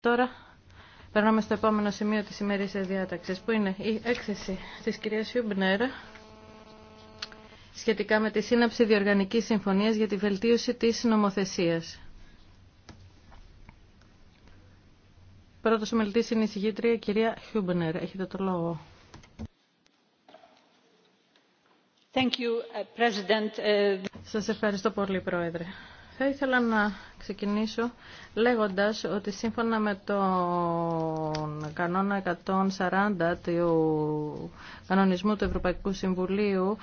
Τώρα περνάμε στο επόμενο σημείο της ημερήσιας διάταξης που είναι η έκθεση της κυρίας Χιούμπνερ σχετικά με τη σύναψη διοργανικής συμφωνίας για τη βελτίωση της νομοθεσίας. Πρώτος ομιλητής είναι η συγγήτρια κυρία Χιούμπνερ. Έχετε το λόγο. Thank uh, uh, Σας ευχαριστώ πολύ, Πρόεδρε. Θα ήθελα να ξεκινήσω λέγοντας ότι σύμφωνα με τον κανόνα 140 του κανονισμού του Ευρωπαϊκού Συμβουλίου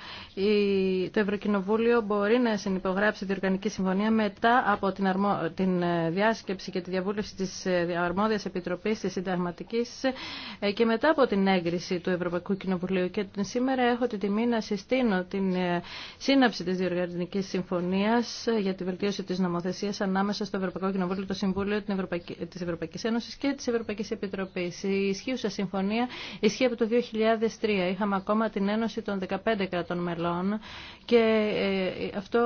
το Ευρωκοινοβούλιο μπορεί να συνυπογράψει την Οργανική Συμφωνία μετά από την, την ε, διάσκεψη και τη διαβούλευση της ε, Αρμόδιας Επιτροπής της Συνταγματικής ε, και μετά από την έγκριση του Ευρωπαϊκού Κοινοβουλίου και σήμερα έχω την τιμή να συστήνω την σύναψη της Διοργανικής Συμφωνίας για τη βελτίωση της νομοθεσίας ανάμεσα ανάμεσα στο Ευρωπαϊκό Κοινοβούλιο, το Συμβούλιο τη Ευρωπαϊκή Ευρωπαϊκής Ένωσης και τη Ευρωπαϊκή Επιτροπή. Η ισχύουσα συμφωνία ισχύει από το 2003. Είχαμε ακόμα την Ένωση των 15 κρατών μελών και ε, αυτό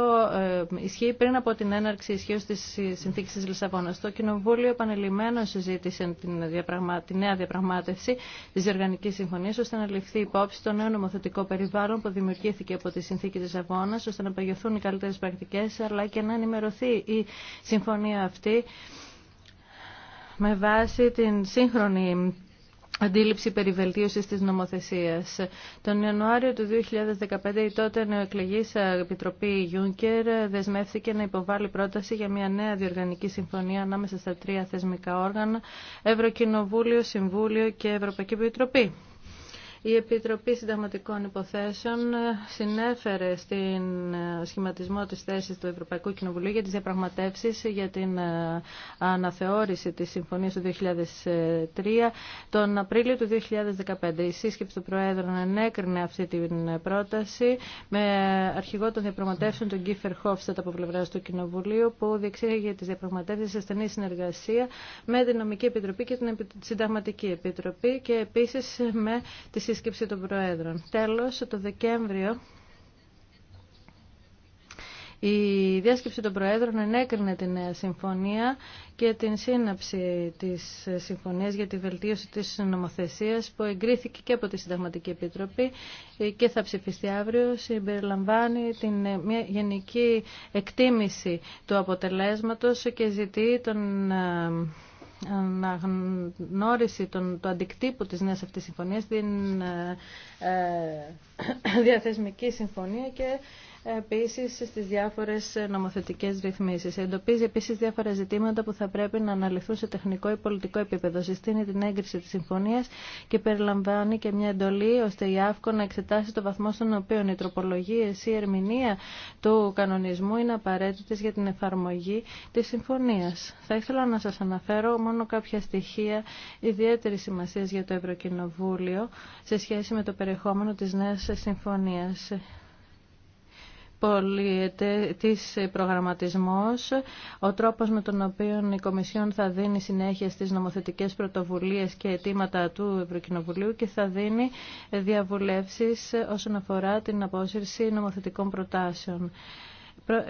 ε, ισχύει πριν από την έναρξη ισχύω τη συνθήκη τη Λισαβόνα. Το Κοινοβούλιο επανελειμμένο συζήτησε την, διαπραγμα... τη νέα διαπραγμάτευση τη Διοργανική Συμφωνία ώστε να ληφθεί υπόψη το νέο νομοθετικό περιβάλλον που δημιουργήθηκε από τη συνθήκη τη Λισαβόνα ώστε να παγιωθούν οι καλύτερε πρακτικέ αλλά και να ενημερωθεί η συμφωνία αυτή με βάση την σύγχρονη αντίληψη περιβελτίωσης της νομοθεσίας. Τον Ιανουάριο του 2015 η τότε νεοεκλεγής Επιτροπή Juncker δεσμεύθηκε να υποβάλει πρόταση για μια νέα διοργανική συμφωνία ανάμεσα στα τρία θεσμικά όργανα, Ευρωκοινοβούλιο, Συμβούλιο και Ευρωπαϊκή Επιτροπή. Η Επιτροπή Συνταγματικών Υποθέσεων ε, συνέφερε στην ε, σχηματισμό της θέσης του Ευρωπαϊκού Κοινοβουλίου για τις διαπραγματεύσεις για την ε, αναθεώρηση της Συμφωνίας του 2003 τον Απρίλιο του 2015. Η σύσκεψη του Προέδρου ενέκρινε αυτή την πρόταση με αρχηγό των διαπραγματεύσεων τον Κίφερ Χόφστατ από πλευρά του Κοινοβουλίου που διεξήγαγε τις διαπραγματεύσεις σε στενή συνεργασία με την Νομική Επιτροπή και την Συνταγματική Επιτροπή και επίσης με τις σύσκεψη των Προέδρων. Τέλος, το Δεκέμβριο η διάσκεψη των Προέδρων ενέκρινε τη νέα ε, συμφωνία και την σύναψη της ε, συμφωνίας για τη βελτίωση της νομοθεσίας που εγκρίθηκε και από τη Συνταγματική Επιτροπή ε, και θα ψηφιστεί αύριο. Συμπεριλαμβάνει την, μια γενική εκτίμηση του αποτελέσματος και ζητεί τον αναγνώριση των, του αντικτύπου της νέας αυτής συμφωνίας, την ε, ε, διαθεσμική συμφωνία και Επίση, στι διάφορε νομοθετικέ ρυθμίσει. Εντοπίζει επίση διάφορα ζητήματα που θα πρέπει να αναλυθούν σε τεχνικό ή πολιτικό επίπεδο. Συστήνει την έγκριση τη συμφωνία, και περιλαμβάνει και μια εντολή ώστε η ΑΦΚΟ να εξετάσει το βαθμό στον οποίο οι τροπολογίε η ερμηνεία του κανονισμού είναι απαραίτητε για την εφαρμογή τη συμφωνία. Θα ήθελα να σα αναφέρω μόνο κάποια στοιχεία ιδιαίτερη σημασία για το Ευρωκοινοβούλιο σε σχέση με το περιεχόμενο τη νέα συμφωνία τις προγραμματισμός, ο τρόπος με τον οποίο η Κομισιόν θα δίνει συνέχεια στις νομοθετικές πρωτοβουλίες και αιτήματα του Ευρωκοινοβουλίου και θα δίνει διαβουλεύσεις όσον αφορά την απόσυρση νομοθετικών προτάσεων.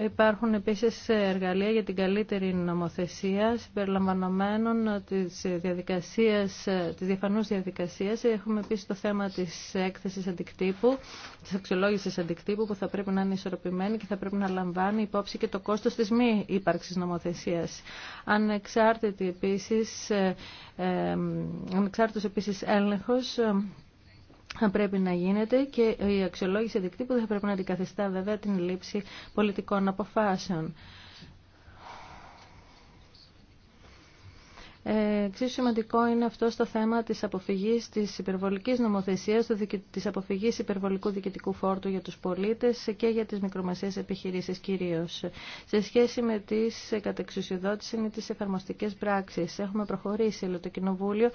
Υπάρχουν επίσης εργαλεία για την καλύτερη νομοθεσία συμπεριλαμβανομένων της, διαδικασίας, της διαφανούς διαδικασίας. Έχουμε επίσης το θέμα της έκθεσης αντικτύπου, της αξιολόγησης αντικτύπου που θα πρέπει να είναι ισορροπημένη και θα πρέπει να λαμβάνει υπόψη και το κόστος της μη ύπαρξης νομοθεσίας. Ανεξάρτητη επίσης, ε, ε, επίσης θα πρέπει να γίνεται και η αξιολόγηση δικτύπου θα πρέπει να αντικαθιστά βέβαια την λήψη πολιτικών αποφάσεων. Ε, εξίσου σημαντικό είναι αυτό στο θέμα της αποφυγής της υπερβολικής νομοθεσίας, της αποφυγής υπερβολικού διοικητικού φόρτου για τους πολίτες και για τις μικρομεσαίες επιχειρήσεις κυρίως. Σε σχέση με τις κατεξουσιοδότηση ή τις εφαρμοστικέ πράξεις, έχουμε προχωρήσει, αλλά το Κοινοβούλιο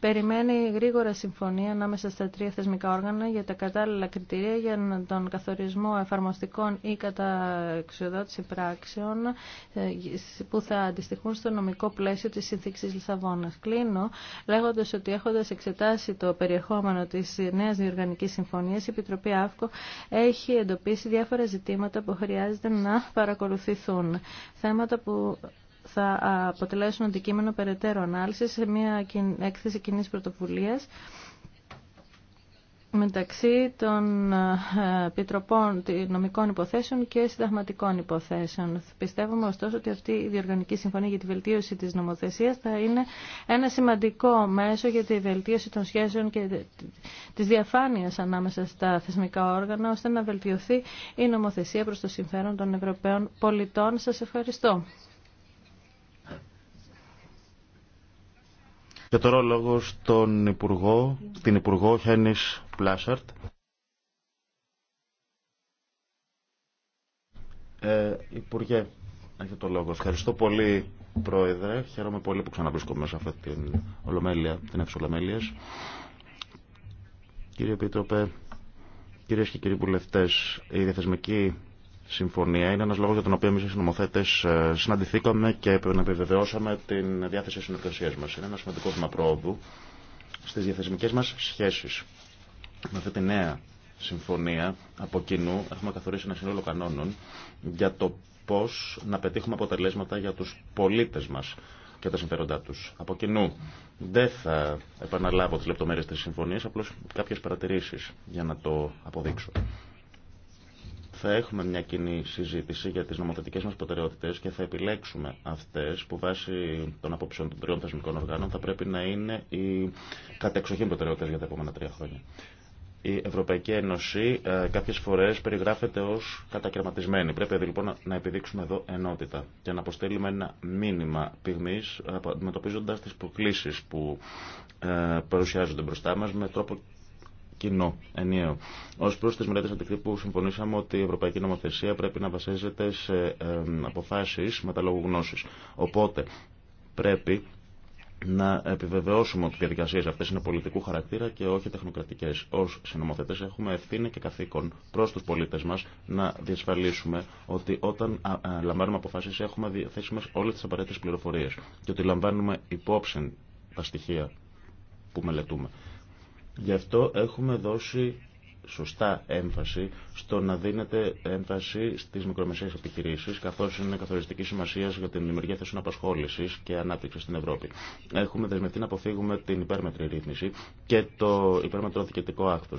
περιμένει γρήγορα συμφωνία ανάμεσα στα τρία θεσμικά όργανα για τα κατάλληλα κριτήρια για τον καθορισμό εφαρμοστικών ή κατεξουσιοδότηση πράξεων ε, που θα αντιστοιχούν στο νομικό πλαίσιο της συνθήκης της Λισαβόνας. Κλείνω λέγοντας ότι έχοντας εξετάσει το περιεχόμενο της νέας διοργανικής συμφωνίας, η Επιτροπή ΑΦΚΟ έχει εντοπίσει διάφορα ζητήματα που χρειάζεται να παρακολουθηθούν. Θέματα που θα αποτελέσουν αντικείμενο περαιτέρω ανάλυση σε μια έκθεση κοινή πρωτοβουλία μεταξύ των ε, επιτροπών νομικών υποθέσεων και συνταγματικών υποθέσεων. Πιστεύουμε ωστόσο ότι αυτή η διοργανική συμφωνία για τη βελτίωση της νομοθεσίας θα είναι ένα σημαντικό μέσο για τη βελτίωση των σχέσεων και της διαφάνειας ανάμεσα στα θεσμικά όργανα ώστε να βελτιωθεί η νομοθεσία προς το συμφέρον των Ευρωπαίων πολιτών. Σας ευχαριστώ. Και τώρα λόγος στον Υπουργό, την Υπουργό Χένης ε, Υπουργέ, έχετε το λόγο. Ευχαριστώ πολύ, Πρόεδρε. Χαίρομαι πολύ που ξαναβρίσκομαι σε αυτή την Ολομέλεια, την ολομέλεια. Κύριε Επίτροπε, κυρίε και κύριοι βουλευτέ, η διαθεσμική συμφωνία είναι ένα λόγο για τον οποίο εμεί οι νομοθέτε ε, συναντηθήκαμε και επιβεβαιώσαμε την διάθεση συνεργασία μα. Είναι ένα σημαντικό βήμα πρόοδου στι διαθεσμικέ μα σχέσει. Με αυτή τη νέα συμφωνία από κοινού έχουμε καθορίσει ένα σύνολο κανόνων για το πώς να πετύχουμε αποτελέσματα για τους πολίτες μας και τα συμφέροντά τους. Από κοινού δεν θα επαναλάβω τις λεπτομέρειες της συμφωνίας, απλώς κάποιες παρατηρήσεις για να το αποδείξω. Θα έχουμε μια κοινή συζήτηση για τις νομοθετικές μας προτεραιότητες και θα επιλέξουμε αυτές που βάσει των απόψεων των τριών θεσμικών οργάνων θα πρέπει να είναι οι κατεξοχήν προτεραιότητες για τα επόμενα τρία χρόνια η Ευρωπαϊκή Ένωση ε, κάποιες φορές περιγράφεται ως κατακαιρματισμένη. Πρέπει λοιπόν να επιδείξουμε εδώ ενότητα και να αποστέλουμε ένα μήνυμα πυγμής ε, αντιμετωπίζοντα τις προκλήσεις που ε, παρουσιάζονται μπροστά μας με τρόπο κοινό, ενιαίο. Ω προ τι μελέτε αντικτύπου, συμφωνήσαμε ότι η ευρωπαϊκή νομοθεσία πρέπει να βασίζεται σε αποφάσει με τα Οπότε πρέπει να επιβεβαιώσουμε ότι οι διαδικασίε αυτέ είναι πολιτικού χαρακτήρα και όχι τεχνοκρατικέ. Ω συνομοθετέ έχουμε ευθύνη και καθήκον προ του πολίτε μα να διασφαλίσουμε ότι όταν λαμβάνουμε αποφάσει έχουμε διαθέσιμε όλε τι απαραίτητε πληροφορίε και ότι λαμβάνουμε υπόψη τα στοιχεία που μελετούμε. Γι' αυτό έχουμε δώσει σωστά έμφαση στο να δίνεται έμφαση στις μικρομεσαίες επιχειρήσεις καθώς είναι καθοριστική σημασία για την δημιουργία θέσεων απασχόλησης και ανάπτυξη στην Ευρώπη. Έχουμε δεσμευτεί να αποφύγουμε την υπέρμετρη ρύθμιση και το υπέρμετρο διοικητικό άκτο.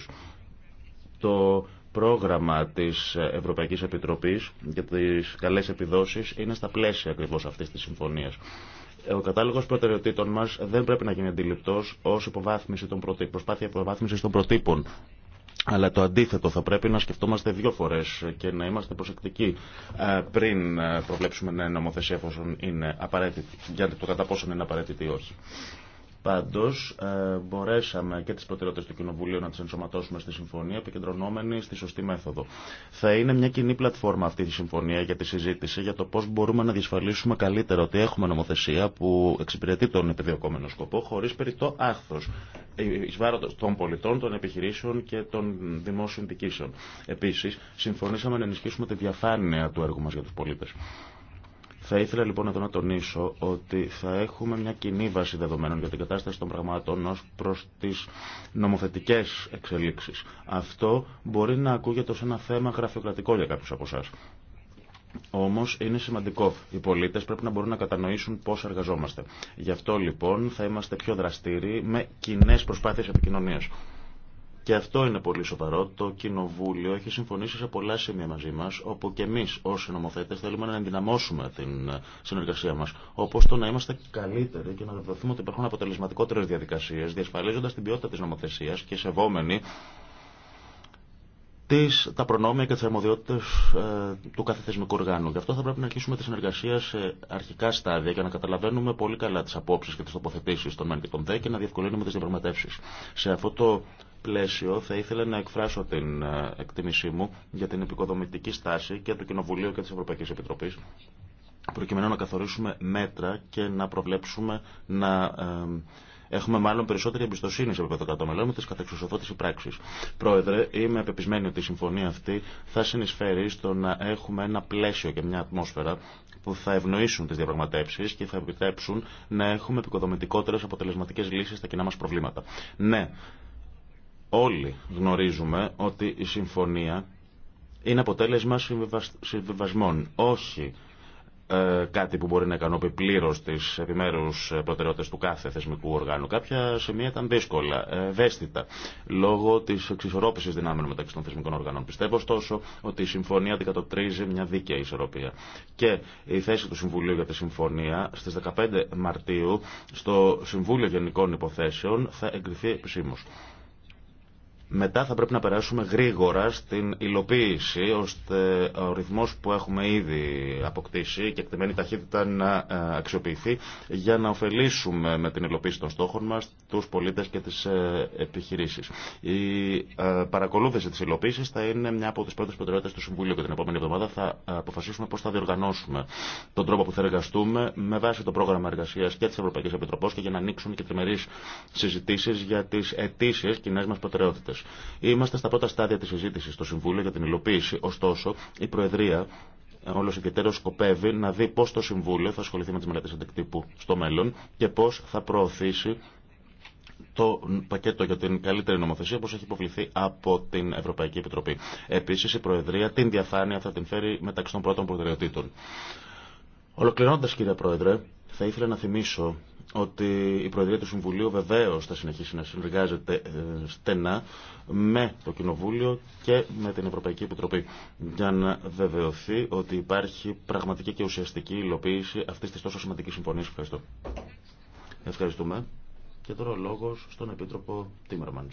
Το πρόγραμμα της Ευρωπαϊκής Επιτροπής για τις καλές επιδόσεις είναι στα πλαίσια ακριβώς αυτής της συμφωνίας. Ο κατάλογο προτεραιοτήτων μα δεν πρέπει να γίνει αντιληπτό ω προσπάθεια υποβάθμιση των προτύπων αλλά το αντίθετο, θα πρέπει να σκεφτόμαστε δύο φορέ και να είμαστε προσεκτικοί ε, πριν ε, προβλέψουμε νέα νομοθεσία, εφόσον είναι απαραίτητη, για το κατά πόσο είναι απαραίτητη ή όχι. Πάντως, ε, μπορέσαμε και τι προτεραιότητε του Κοινοβουλίου να τι ενσωματώσουμε στη συμφωνία, επικεντρωνόμενοι στη σωστή μέθοδο. Θα είναι μια κοινή πλατφόρμα αυτή τη συμφωνία για τη συζήτηση για το πώ μπορούμε να διασφαλίσουμε καλύτερα ότι έχουμε νομοθεσία που εξυπηρετεί τον επιδιωκόμενο σκοπό, χωρί περιττό άχθος ε, εις βάρο των πολιτών, των επιχειρήσεων και των δημόσιων δικήσεων. Επίσης, συμφωνήσαμε να ενισχύσουμε τη διαφάνεια του έργου μα για του πολίτε. Θα ήθελα λοιπόν εδώ να τονίσω ότι θα έχουμε μια κοινή βάση δεδομένων για την κατάσταση των πραγμάτων ως προς τις νομοθετικές εξελίξεις. Αυτό μπορεί να ακούγεται ως ένα θέμα γραφειοκρατικό για κάποιους από εσάς. Όμω είναι σημαντικό. Οι πολίτε πρέπει να μπορούν να κατανοήσουν πώ εργαζόμαστε. Γι' αυτό λοιπόν θα είμαστε πιο δραστήριοι με κοινέ προσπάθειε επικοινωνία. Και αυτό είναι πολύ σοβαρό. Το Κοινοβούλιο έχει συμφωνήσει σε πολλά σημεία μαζί μα, όπου και εμεί ω νομοθέτε θέλουμε να ενδυναμώσουμε την συνεργασία μα. Όπω το να είμαστε καλύτεροι και να δοθούμε ότι υπάρχουν αποτελεσματικότερε διαδικασίε, διασφαλίζοντα την ποιότητα τη νομοθεσία και σεβόμενοι τις, τα προνόμια και τι αρμοδιότητε ε, του καθεθεσμικού οργάνου. Γι' αυτό θα πρέπει να αρχίσουμε τη συνεργασία σε αρχικά στάδια για να καταλαβαίνουμε πολύ καλά τι απόψει και τι τοποθετήσει των ΜΕΝ και ΔΕ και να διευκολύνουμε τι διαπραγματεύσει. Σε αυτό το πλαίσιο θα ήθελα να εκφράσω την ε, εκτίμησή μου για την επικοδομητική στάση και του Κοινοβουλίου και της Ευρωπαϊκής Επιτροπής προκειμένου να καθορίσουμε μέτρα και να προβλέψουμε να ε, έχουμε μάλλον περισσότερη εμπιστοσύνη σε επίπεδο κατώμελων με τι κατεξουσιοδότηση πράξη. Πρόεδρε, είμαι πεπισμένη ότι η συμφωνία αυτή θα συνεισφέρει στο να έχουμε ένα πλαίσιο και μια ατμόσφαιρα που θα ευνοήσουν τι διαπραγματεύσει και θα επιτρέψουν να έχουμε επικοδομητικότερε αποτελεσματικέ λύσει στα κοινά μα προβλήματα. Ναι, Όλοι γνωρίζουμε ότι η συμφωνία είναι αποτέλεσμα συμβιβασμών, όχι ε, κάτι που μπορεί να ικανοποιεί πλήρω τι επιμέρου ε, προτεραιότητε του κάθε θεσμικού οργάνου. Κάποια σημεία ήταν δύσκολα, ε, ευαίσθητα, λόγω τη εξισορρόπηση δυνάμεων μεταξύ των θεσμικών οργάνων. Πιστεύω, ωστόσο, ότι η συμφωνία αντικατοπτρίζει μια δίκαιη ισορροπία. Και η θέση του Συμβουλίου για τη συμφωνία στι 15 Μαρτίου στο Συμβούλιο Γενικών Υποθέσεων θα εγκριθεί επισήμω. Μετά θα πρέπει να περάσουμε γρήγορα στην υλοποίηση, ώστε ο ρυθμός που έχουμε ήδη αποκτήσει και εκτεμένη ταχύτητα να ε, αξιοποιηθεί για να ωφελήσουμε με την υλοποίηση των στόχων μας τους πολίτες και τις ε, επιχειρήσεις. Η ε, παρακολούθηση της υλοποίησης θα είναι μια από τις πρώτες προτεραιότητες του Συμβουλίου και την επόμενη εβδομάδα θα αποφασίσουμε πώς θα διοργανώσουμε τον τρόπο που θα εργαστούμε με βάση το πρόγραμμα εργασίας και της Ευρωπαϊκής Επιτροπής και για να ανοίξουν και τριμερείς συζητήσεις για τις αιτήσεις κοινέ μας προτεραιότητες. Είμαστε στα πρώτα στάδια τη συζήτηση στο Συμβούλιο για την υλοποίηση. Ωστόσο, η Προεδρία όλο ιδιαίτερο σκοπεύει να δει πώ το Συμβούλιο θα ασχοληθεί με τι μελέτε αντικτύπου στο μέλλον και πώ θα προωθήσει το πακέτο για την καλύτερη νομοθεσία όπω έχει υποβληθεί από την Ευρωπαϊκή Επιτροπή. Επίση, η Προεδρία την διαφάνεια θα την φέρει μεταξύ των πρώτων προτεραιοτήτων. Ολοκληρώνοντα, κύριε Πρόεδρε, θα ήθελα να θυμίσω ότι η Προεδρία του Συμβουλίου βεβαίω θα συνεχίσει να συνεργάζεται ε, στενά με το Κοινοβούλιο και με την Ευρωπαϊκή Επιτροπή για να βεβαιωθεί ότι υπάρχει πραγματική και ουσιαστική υλοποίηση αυτή τη τόσο σημαντική συμφωνία. Ευχαριστώ. Ευχαριστούμε. Και τώρα ο λόγο στον Επίτροπο Τίμερμαν.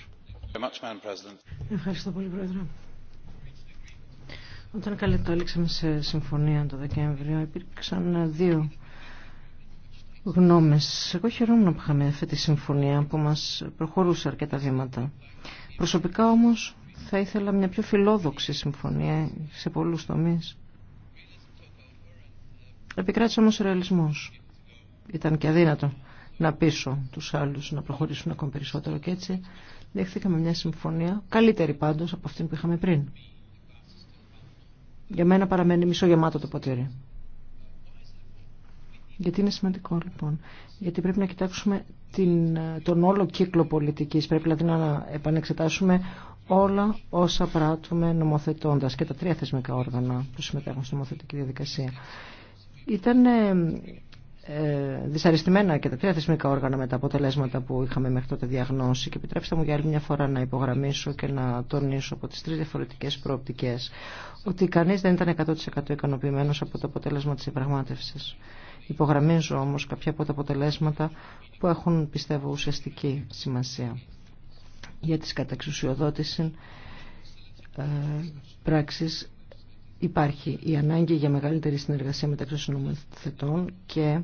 Ευχαριστώ πολύ, Πρόεδρε. Όταν καλύτερα το σε συμφωνία το Δεκέμβριο, υπήρξαν δύο γνώμες. Εγώ χαιρόμουν που είχαμε αυτή τη συμφωνία που μας προχωρούσε αρκετά βήματα. Προσωπικά όμως θα ήθελα μια πιο φιλόδοξη συμφωνία σε πολλούς τομείς. Επικράτησε όμως ο ρεαλισμός. Ήταν και αδύνατο να πείσω τους άλλους να προχωρήσουν ακόμη περισσότερο και έτσι δεχθήκαμε μια συμφωνία καλύτερη πάντως από αυτή που είχαμε πριν. Για μένα παραμένει μισογεμάτο το ποτήρι. Γιατί είναι σημαντικό λοιπόν. Γιατί πρέπει να κοιτάξουμε την, τον όλο κύκλο πολιτικής. Πρέπει δηλαδή να επανεξετάσουμε όλα όσα πράττουμε νομοθετώντας και τα τρία θεσμικά όργανα που συμμετέχουν στη νομοθετική διαδικασία. Ήταν ε, ε, δυσαρεστημένα και τα τρία θεσμικά όργανα με τα αποτελέσματα που είχαμε μέχρι τότε διαγνώσει και επιτρέψτε μου για άλλη μια φορά να υπογραμμίσω και να τονίσω από τις τρεις διαφορετικές προοπτικές ότι κανείς δεν ήταν 100% ικανοποιημένος από το αποτέλεσμα της υπραγμάτευσης. Υπογραμμίζω όμως κάποια από τα αποτελέσματα που έχουν πιστεύω ουσιαστική σημασία για τις καταξουσιοδότηση ε, πράξεις υπάρχει η ανάγκη για μεγαλύτερη συνεργασία μεταξύ συνομοθετών και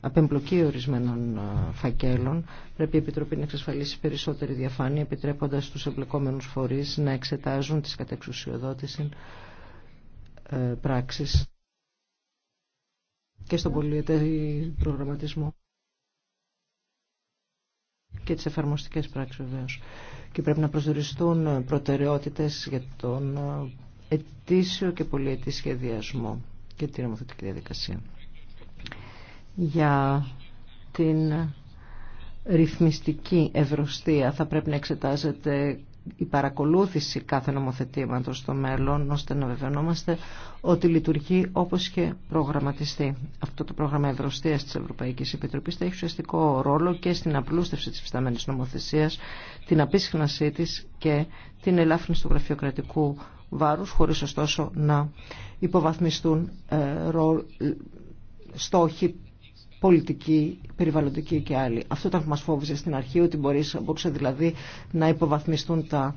απεμπλοκή ορισμένων ε, φακέλων. Πρέπει η Επιτροπή να εξασφαλίσει περισσότερη διαφάνεια επιτρέποντας τους εμπλεκόμενους φορείς να εξετάζουν τις κατεξουσιοδότηση ε, πράξεις και στον πολιετή προγραμματισμό και τις εφαρμοστικές πράξεις βεβαίω. Και πρέπει να προσδιοριστούν προτεραιότητες για τον ετήσιο και πολιετή σχεδιασμό και την νομοθετική διαδικασία. Για την ρυθμιστική ευρωστία θα πρέπει να εξετάζεται η παρακολούθηση κάθε νομοθετήματος στο μέλλον ώστε να βεβαιωνόμαστε ότι λειτουργεί όπως και προγραμματιστεί. Αυτό το πρόγραμμα ευρωστίας της Ευρωπαϊκής Επιτροπής θα έχει ουσιαστικό ρόλο και στην απλούστευση της φυσταμένης νομοθεσίας, την απίσχνασή της και την ελάφρυνση του γραφειοκρατικού βάρους χωρίς ωστόσο να υποβαθμιστούν ε, ρο, ε, στόχοι πολιτική, περιβαλλοντική και άλλη. Αυτό ήταν που μας φόβησε στην αρχή, ότι μπορούσε δηλαδή να υποβαθμιστούν τα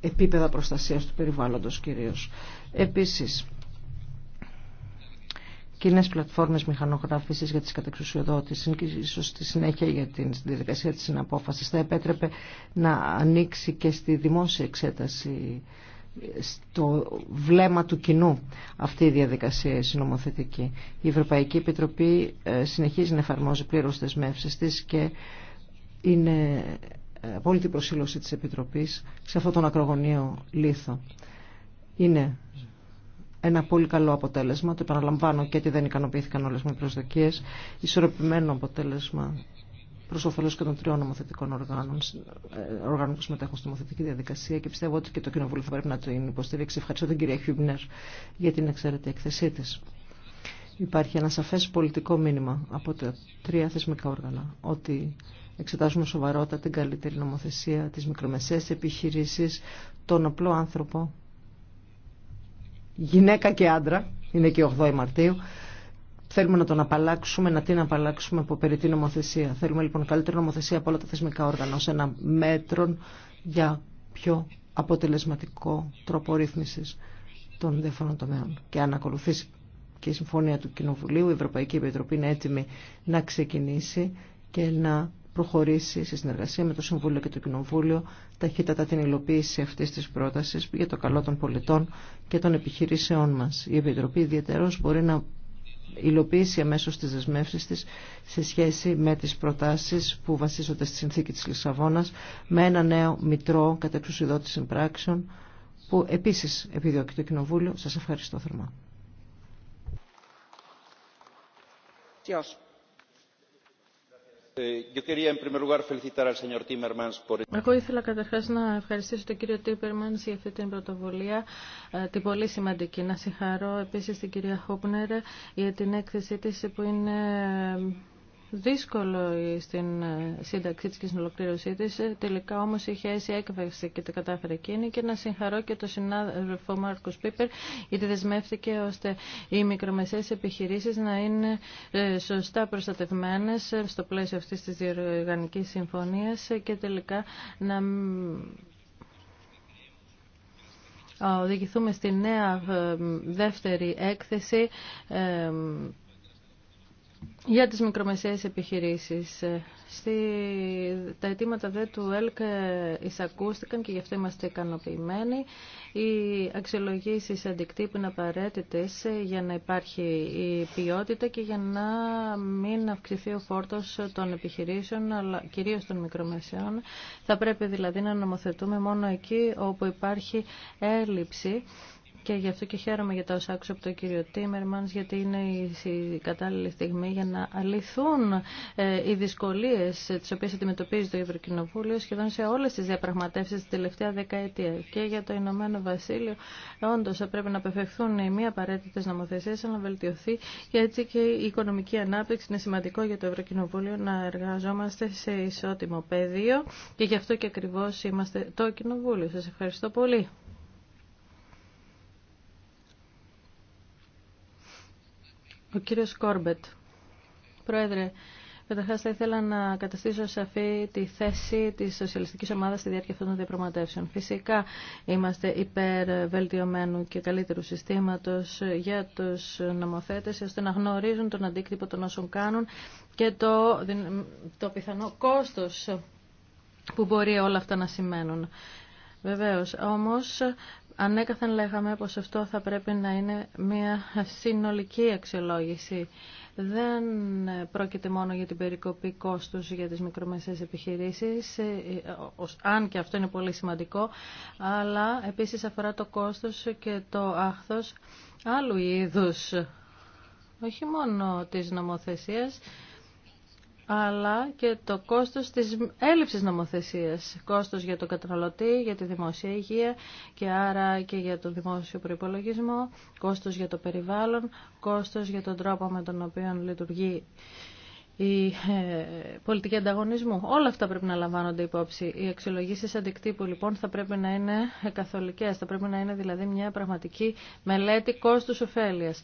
επίπεδα προστασίας του περιβάλλοντος κυρίως. Επίσης, κοινέ πλατφόρμες μηχανογράφησης για τις κατεξουσιοδότηση και ίσως στη συνέχεια για την διαδικασία της συναπόφασης θα επέτρεπε να ανοίξει και στη δημόσια εξέταση στο βλέμμα του κοινού αυτή η διαδικασία συνομοθετική. Η Ευρωπαϊκή Επιτροπή ε, συνεχίζει να εφαρμόζει πλήρως δεσμεύσεις της και είναι ε, απόλυτη προσήλωση της Επιτροπής σε αυτόν τον ακρογωνίο λίθο. Είναι ένα πολύ καλό αποτέλεσμα, το επαναλαμβάνω και ότι δεν ικανοποιήθηκαν όλες μου οι προσδοκίες, ισορροπημένο αποτέλεσμα προ όφελο και των τριών νομοθετικών οργάνων, ε, οργάνων που συμμετέχουν στη νομοθετική διαδικασία και πιστεύω ότι και το Κοινοβούλιο θα πρέπει να την υποστηρίξει. Ευχαριστώ την κυρία Χιούμπνερ για την εξαιρετική εκθεσή τη. Υπάρχει ένα σαφέ πολιτικό μήνυμα από τα τρία θεσμικά όργανα ότι εξετάζουμε σοβαρότητα την καλύτερη νομοθεσία, τι μικρομεσαίε επιχειρήσει, τον απλό άνθρωπο, γυναίκα και άντρα, είναι και 8 Μαρτίου, Θέλουμε να τον απαλλάξουμε, να την απαλλάξουμε από περί την νομοθεσία. Θέλουμε λοιπόν καλύτερη νομοθεσία από όλα τα θεσμικά όργανα ως ένα μέτρο για πιο αποτελεσματικό τρόπο ρύθμιση των διαφορών τομέων. Και αν ακολουθήσει και η συμφωνία του Κοινοβουλίου, η Ευρωπαϊκή Επιτροπή είναι έτοιμη να ξεκινήσει και να προχωρήσει σε συνεργασία με το Συμβούλιο και το Κοινοβούλιο ταχύτατα την υλοποίηση αυτή τη πρόταση για το καλό των πολιτών και των επιχειρήσεών μα. Η Επιτροπή ιδιαίτερω μπορεί να υλοποιήσει αμέσως της δεσμεύσεις της σε σχέση με τις προτάσεις που βασίζονται στη συνθήκη της Λισαβόνας με ένα νέο μητρό κατά συμπράξεων που επίσης επιδιώκει το Κοινοβούλιο. Σας ευχαριστώ θερμά. Εγώ ήθελα καταρχάς να ευχαριστήσω τον κύριο Τίπερμαν για αυτή την πρωτοβουλία, ε, την πολύ σημαντική. Να συγχαρώ επίσης την κυρία Χόπνερ για την έκθεσή της που είναι δύσκολο στην ε, σύνταξή της και στην ολοκλήρωσή της. Ε, τελικά όμως είχε αίσια έκβαση και τα κατάφερε εκείνη και να συγχαρώ και τον συνάδελφο Μάρκος Πίπερ γιατί δεσμεύτηκε ώστε οι μικρομεσαίες επιχειρήσεις να είναι ε, σωστά προστατευμένες στο πλαίσιο αυτής της διοργανικής συμφωνίας και τελικά να οδηγηθούμε στη νέα δεύτερη έκθεση για τις μικρομεσαίες επιχειρήσεις. Ε, στη, τα αιτήματα δε του ΕΛΚ ε, εισακούστηκαν και γι' αυτό είμαστε ικανοποιημένοι. Οι αξιολογήσεις αντικτύπου είναι απαραίτητε ε, για να υπάρχει η ποιότητα και για να μην αυξηθεί ο φόρτος των επιχειρήσεων, αλλά κυρίως των μικρομεσαίων. Θα πρέπει δηλαδή να νομοθετούμε μόνο εκεί όπου υπάρχει έλλειψη και γι' αυτό και χαίρομαι για τα όσα άκουσα από τον κύριο Τίμερμαν, γιατί είναι η κατάλληλη στιγμή για να αληθούν ε, οι δυσκολίε τι οποίε αντιμετωπίζει το Ευρωκοινοβούλιο σχεδόν σε όλε τι διαπραγματεύσει τη τελευταία δεκαετία. Και για το Ηνωμένο Βασίλειο, όντω θα πρέπει να απεφευθούν οι μη απαραίτητε νομοθεσίε, αλλά να βελτιωθεί. Και έτσι και η οικονομική ανάπτυξη είναι σημαντικό για το Ευρωκοινοβούλιο να εργαζόμαστε σε ισότιμο πεδίο. Και γι' αυτό και ακριβώ είμαστε το Κοινοβούλιο. Σα ευχαριστώ πολύ. Ο κύριος Κόρμπετ. Πρόεδρε, Καταρχά, θα ήθελα να καταστήσω σαφή τη θέση τη σοσιαλιστική ομάδα στη διάρκεια αυτών των διαπραγματεύσεων. Φυσικά είμαστε υπέρ βελτιωμένου και καλύτερου συστήματο για του νομοθέτε, ώστε να γνωρίζουν τον αντίκτυπο των όσων κάνουν και το, το πιθανό κόστος που μπορεί όλα αυτά να σημαίνουν. Βεβαίως, όμως Ανέκαθεν λέγαμε πως αυτό θα πρέπει να είναι μια συνολική αξιολόγηση. Δεν πρόκειται μόνο για την περικοπή κόστους για τις μικρομεσαίες επιχειρήσεις, ε, ε, αν και αυτό είναι πολύ σημαντικό, αλλά επίσης αφορά το κόστος και το άχθος άλλου είδους, όχι μόνο της νομοθεσίας, αλλά και το κόστος της έλλειψης νομοθεσίας. Κόστος για τον καταναλωτή, για τη δημόσια υγεία και άρα και για τον δημόσιο προϋπολογισμό, κόστος για το περιβάλλον, κόστος για τον τρόπο με τον οποίο λειτουργεί η ε, πολιτική ανταγωνισμού. Όλα αυτά πρέπει να λαμβάνονται υπόψη. Οι αξιολογήσει αντικτύπου λοιπόν θα πρέπει να είναι καθολικές, θα πρέπει να είναι δηλαδή μια πραγματική μελέτη κόστους ωφέλειας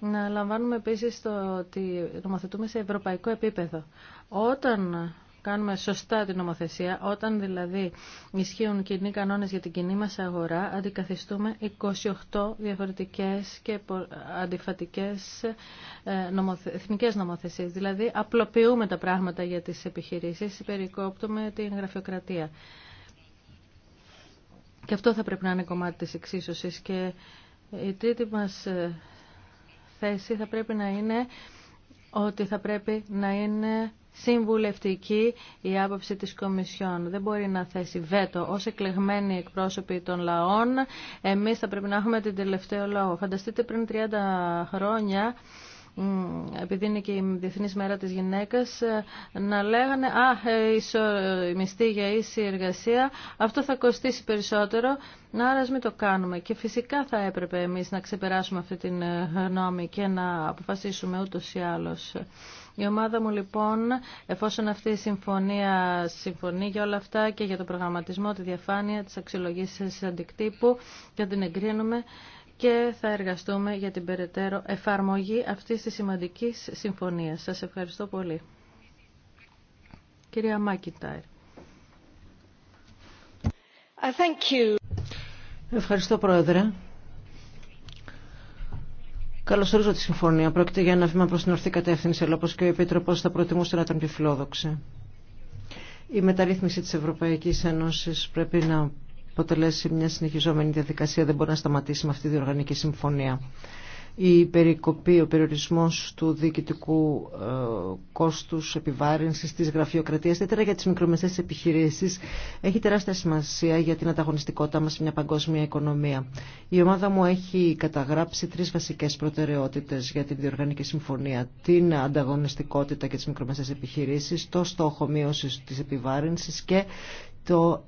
να λαμβάνουμε επίσης το ότι νομοθετούμε σε ευρωπαϊκό επίπεδο. Όταν κάνουμε σωστά την νομοθεσία, όταν δηλαδή ισχύουν κοινοί κανόνες για την κοινή μας αγορά, αντικαθιστούμε 28 διαφορετικές και αντιφατικές ε, εθνικές νομοθεσίες. Δηλαδή απλοποιούμε τα πράγματα για τις επιχειρήσεις, περικόπτουμε την γραφειοκρατία. Και αυτό θα πρέπει να είναι κομμάτι της εξίσωσης και η τρίτη μας ε, θέση θα πρέπει να είναι ότι θα πρέπει να είναι συμβουλευτική η άποψη της Κομισιόν. Δεν μπορεί να θέσει βέτο ως εκλεγμένοι εκπρόσωποι των λαών. Εμείς θα πρέπει να έχουμε την τελευταίο λόγο. Φανταστείτε πριν 30 χρόνια επειδή είναι και η Διεθνής Μέρα της Γυναίκας, ε, να λέγανε «Α, η ε, ε, μισθή για ίση εργασία, αυτό θα κοστίσει περισσότερο, άρα ας μην το κάνουμε». Και φυσικά θα έπρεπε εμείς να ξεπεράσουμε αυτή την γνώμη και να αποφασίσουμε ούτως ή άλλως. Η ομάδα μου λοιπόν, εφόσον αυτή η συμφωνία συμφωνεί για όλα αυτά και για το προγραμματισμό, τη διαφάνεια, τις αξιολογήσεις αντικτύπου και την εγκρίνουμε, και θα εργαστούμε για την περαιτέρω εφαρμογή αυτής της σημαντικής συμφωνίας. Σας ευχαριστώ πολύ. Κυρία Μάκιντάιρ. Uh, ευχαριστώ, Πρόεδρε. Καλωσορίζω τη συμφωνία. Πρόκειται για ένα βήμα προς την ορθή κατεύθυνση, αλλά όπως και ο Επίτροπος θα προτιμούσε να ήταν πιο φιλόδοξη. Η μεταρρύθμιση της Ευρωπαϊκής Ένωσης πρέπει να αποτελέσει μια συνεχιζόμενη διαδικασία, δεν μπορεί να σταματήσει με αυτή τη διοργανική συμφωνία. Η περικοπή, ο περιορισμός του διοικητικού ε, κόστους επιβάρυνσης της γραφειοκρατίας, ιδιαίτερα για τις μικρομεσαίες επιχειρήσεις, έχει τεράστια σημασία για την ανταγωνιστικότητά μας σε μια παγκόσμια οικονομία. Η ομάδα μου έχει καταγράψει τρεις βασικές προτεραιότητες για την διοργανική συμφωνία. Την ανταγωνιστικότητα και τις μικρομεσαίες επιχειρήσεις, το στόχο μείωσης της επιβάρυνσης και το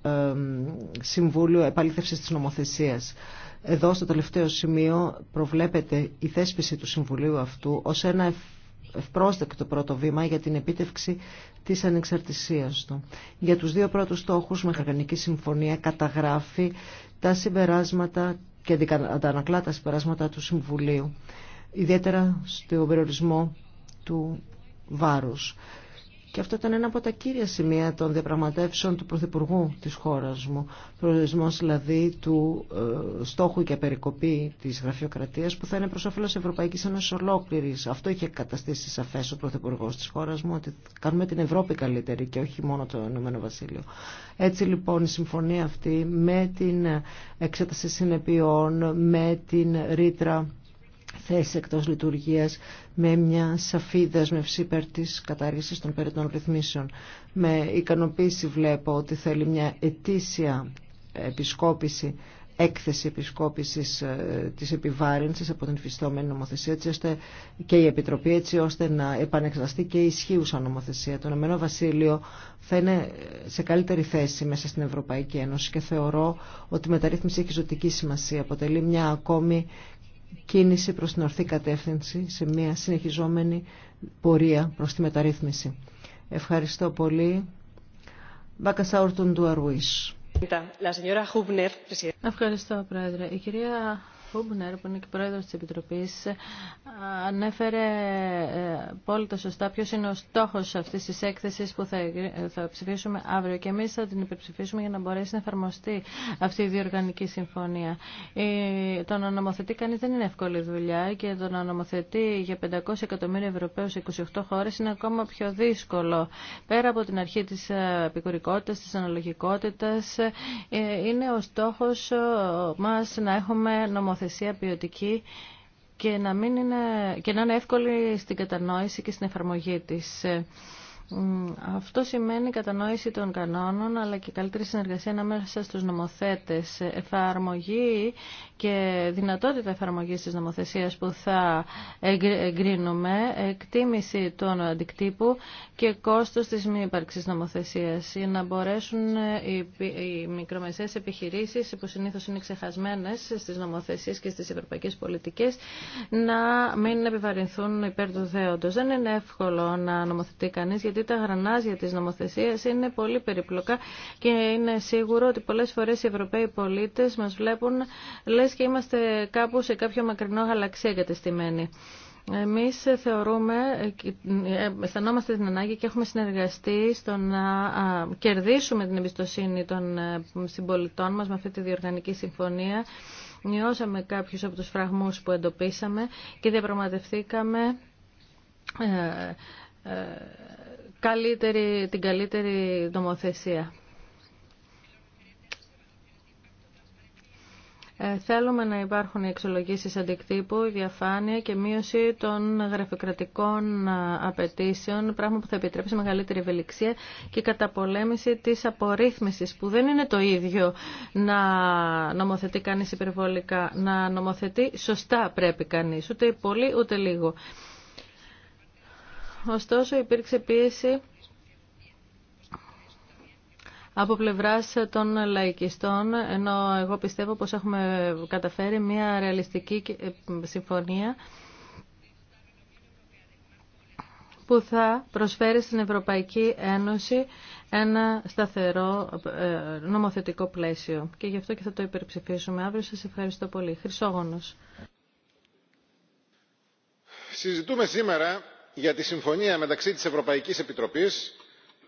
Συμβούλιο επαλήθευση τη νομοθεσία. Εδώ στο τελευταίο σημείο προβλέπεται η θέσπιση του Συμβουλίου αυτού ως ένα ευπρόσδεκτο πρώτο βήμα για την επίτευξη της ανεξαρτησίας του. Για τους δύο πρώτους στόχους, με Συμφωνία καταγράφει τα συμπεράσματα και αντανακλά τα συμπεράσματα του Συμβουλίου, ιδιαίτερα στον περιορισμό του βάρους. Και αυτό ήταν ένα από τα κύρια σημεία των διαπραγματεύσεων του Πρωθυπουργού της χώρας μου. Προορισμός δηλαδή του ε, στόχου και περικοπή της γραφειοκρατίας που θα είναι προς όφελος Ευρωπαϊκής Ένωσης ολόκληρης. Αυτό είχε καταστήσει σαφές ο Πρωθυπουργός της χώρας μου ότι κάνουμε την Ευρώπη καλύτερη και όχι μόνο το Ηνωμένο Βασίλειο. Έτσι λοιπόν η συμφωνία αυτή με την εξέταση συνεπειών, με την ρήτρα θέση εκτός λειτουργίας με μια σαφή δέσμευση υπέρ τη καταργήση των περιττών ρυθμίσεων. Με ικανοποίηση βλέπω ότι θέλει μια ετήσια επισκόπηση έκθεση επισκόπησης ε, της επιβάρυνσης από την φυστόμενη νομοθεσία έτσι ώστε και η Επιτροπή έτσι ώστε να επανεξεταστεί και η ισχύουσα νομοθεσία. Το Ηνωμένο Βασίλειο θα είναι σε καλύτερη θέση μέσα στην Ευρωπαϊκή Ένωση και θεωρώ ότι η μεταρρύθμιση έχει ζωτική σημασία. Αποτελεί μια ακόμη κίνηση προς την ορθή κατεύθυνση σε μια συνεχιζόμενη πορεία προς τη μεταρρύθμιση. Ευχαριστώ πολύ. Ευχαριστώ, Πρόεδρε. Η κυρία Φούμπνερ που είναι και πρόεδρο τη Επιτροπή, ανέφερε απόλυτα ε, σωστά ποιο είναι ο στόχο αυτή τη έκθεση που θα, θα ψηφίσουμε αύριο και εμεί θα την υπερψηφίσουμε για να μπορέσει να εφαρμοστεί αυτή η διοργανική συμφωνία. το να νομοθετεί κανεί δεν είναι εύκολη δουλειά και το να νομοθετεί για 500 εκατομμύρια Ευρωπαίου σε 28 χώρε είναι ακόμα πιο δύσκολο. Πέρα από την αρχή τη ε, επικουρικότητα, τη αναλογικότητα. Ε, είναι ο στόχο μα να έχουμε νομοθετήσει νομοθεσία ποιοτική και να, μην είναι, και να είναι εύκολη στην κατανόηση και στην εφαρμογή της. Ε, αυτό σημαίνει κατανόηση των κανόνων αλλά και καλύτερη συνεργασία ανάμεσα στους νομοθέτες, εφαρμογή και δυνατότητα εφαρμογής της νομοθεσίας που θα εγκρίνουμε, εκτίμηση των αντικτύπου και κόστος της μη ύπαρξης νομοθεσίας για να μπορέσουν οι μικρομεσαίες επιχειρήσεις που συνήθως είναι ξεχασμένες στις νομοθεσίες και στις ευρωπαϊκές πολιτικές να μην επιβαρυνθούν υπέρ του θέοντος. Δεν είναι εύκολο να νομοθετεί κανείς γιατί τα γρανάζια της νομοθεσίας είναι πολύ περιπλοκά και είναι σίγουρο ότι πολλές φορές οι Ευρωπαίοι πολίτες μας βλέπουν λες και είμαστε κάπου σε κάποιο μακρινό γαλαξία κατεστημένοι. Εμείς θεωρούμε, αισθανόμαστε την ανάγκη και έχουμε συνεργαστεί στο να κερδίσουμε την εμπιστοσύνη των ε, συμπολιτών μας με αυτή τη διοργανική συμφωνία. Νιώσαμε κάποιους από τους φραγμούς που εντοπίσαμε και διαπραγματευθήκαμε ε, ε, καλύτερη, την καλύτερη νομοθεσία. Ε, θέλουμε να υπάρχουν εξολογήσεις αντικτύπου, διαφάνεια και μείωση των γραφειοκρατικών απαιτήσεων, πράγμα που θα επιτρέψει μεγαλύτερη ευελιξία και καταπολέμηση της απορρίθμισης, που δεν είναι το ίδιο να νομοθετεί κανείς υπερβολικά, να νομοθετεί σωστά πρέπει κανείς, ούτε πολύ ούτε λίγο. Ωστόσο υπήρξε πίεση από πλευράς των λαϊκιστών, ενώ εγώ πιστεύω πως έχουμε καταφέρει μια ρεαλιστική ε, συμφωνία που θα προσφέρει στην Ευρωπαϊκή Ένωση ένα σταθερό ε, νομοθετικό πλαίσιο. Και γι' αυτό και θα το υπερψηφίσουμε αύριο. Σας ευχαριστώ πολύ. Χρυσόγονος. Συζητούμε σήμερα για τη συμφωνία μεταξύ της ευρωπαϊκής επιτροπής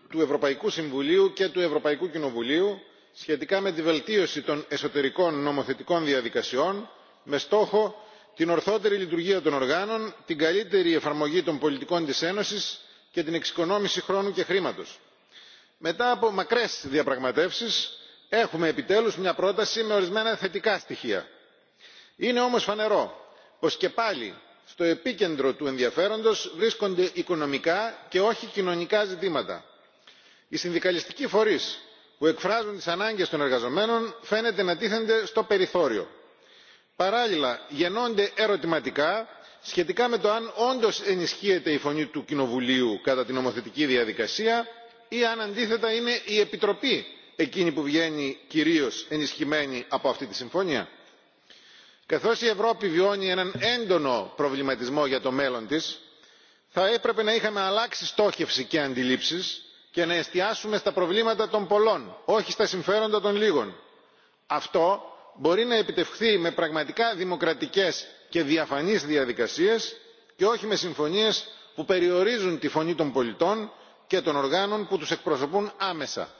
του ευρωπαϊκού συμβουλίου και του ευρωπαϊκού κοινοβουλίου σχετικά με τη βελτίωση των εσωτερικών νομοθετικών διαδικασιών με στόχο την ορθότερη λειτουργία των οργάνων την καλύτερη εφαρμογή των πολιτικών της ένωσης και την εξοικονόμηση χρόνου και χρήματος. μετά από μακρές διαπραγματεύσεις έχουμε επιτέλους μια πρόταση με ορισμένα θετικά στοιχεία. είναι όμως φανερό πως και πάλι στο επίκεντρο του ενδιαφέροντος βρίσκονται οικονομικά και όχι κοινωνικά ζητήματα. οι συνδικαλιστικοί φορείς που εκφράζουν τις ανάγκες των εργαζομένων φαίνεται να τίθενται στο περιθώριο. παράλληλα γεννώνται ερωτηματικά σχετικά με το αν όντως ενισχύεται η φωνή του κοινοβουλίου κατά την νομοθετική διαδικασία ή αν αντίθετα είναι η επιτροπή εκείνη που βγαίνει κυρίως ενισχυμένη από αυτή τη συμφωνία καθώς η ευρώπη βιώνει έναν έντονο προβληματισμό για το μέλλον της θα έπρεπε να είχαμε αλλάξει στόχευση και αντιλήψεις και να εστιάσουμε στα προβλήματα των πολλών όχι στα συμφέροντα των λίγων. αυτό μπορεί να επιτευχθεί με πραγματικά δημοκρατικές και διαφανείς διαδικασίες και όχι με συμφωνίες που περιορίζουν τη φωνή των πολιτών και των οργάνων που τους εκπροσωπούν άμεσα.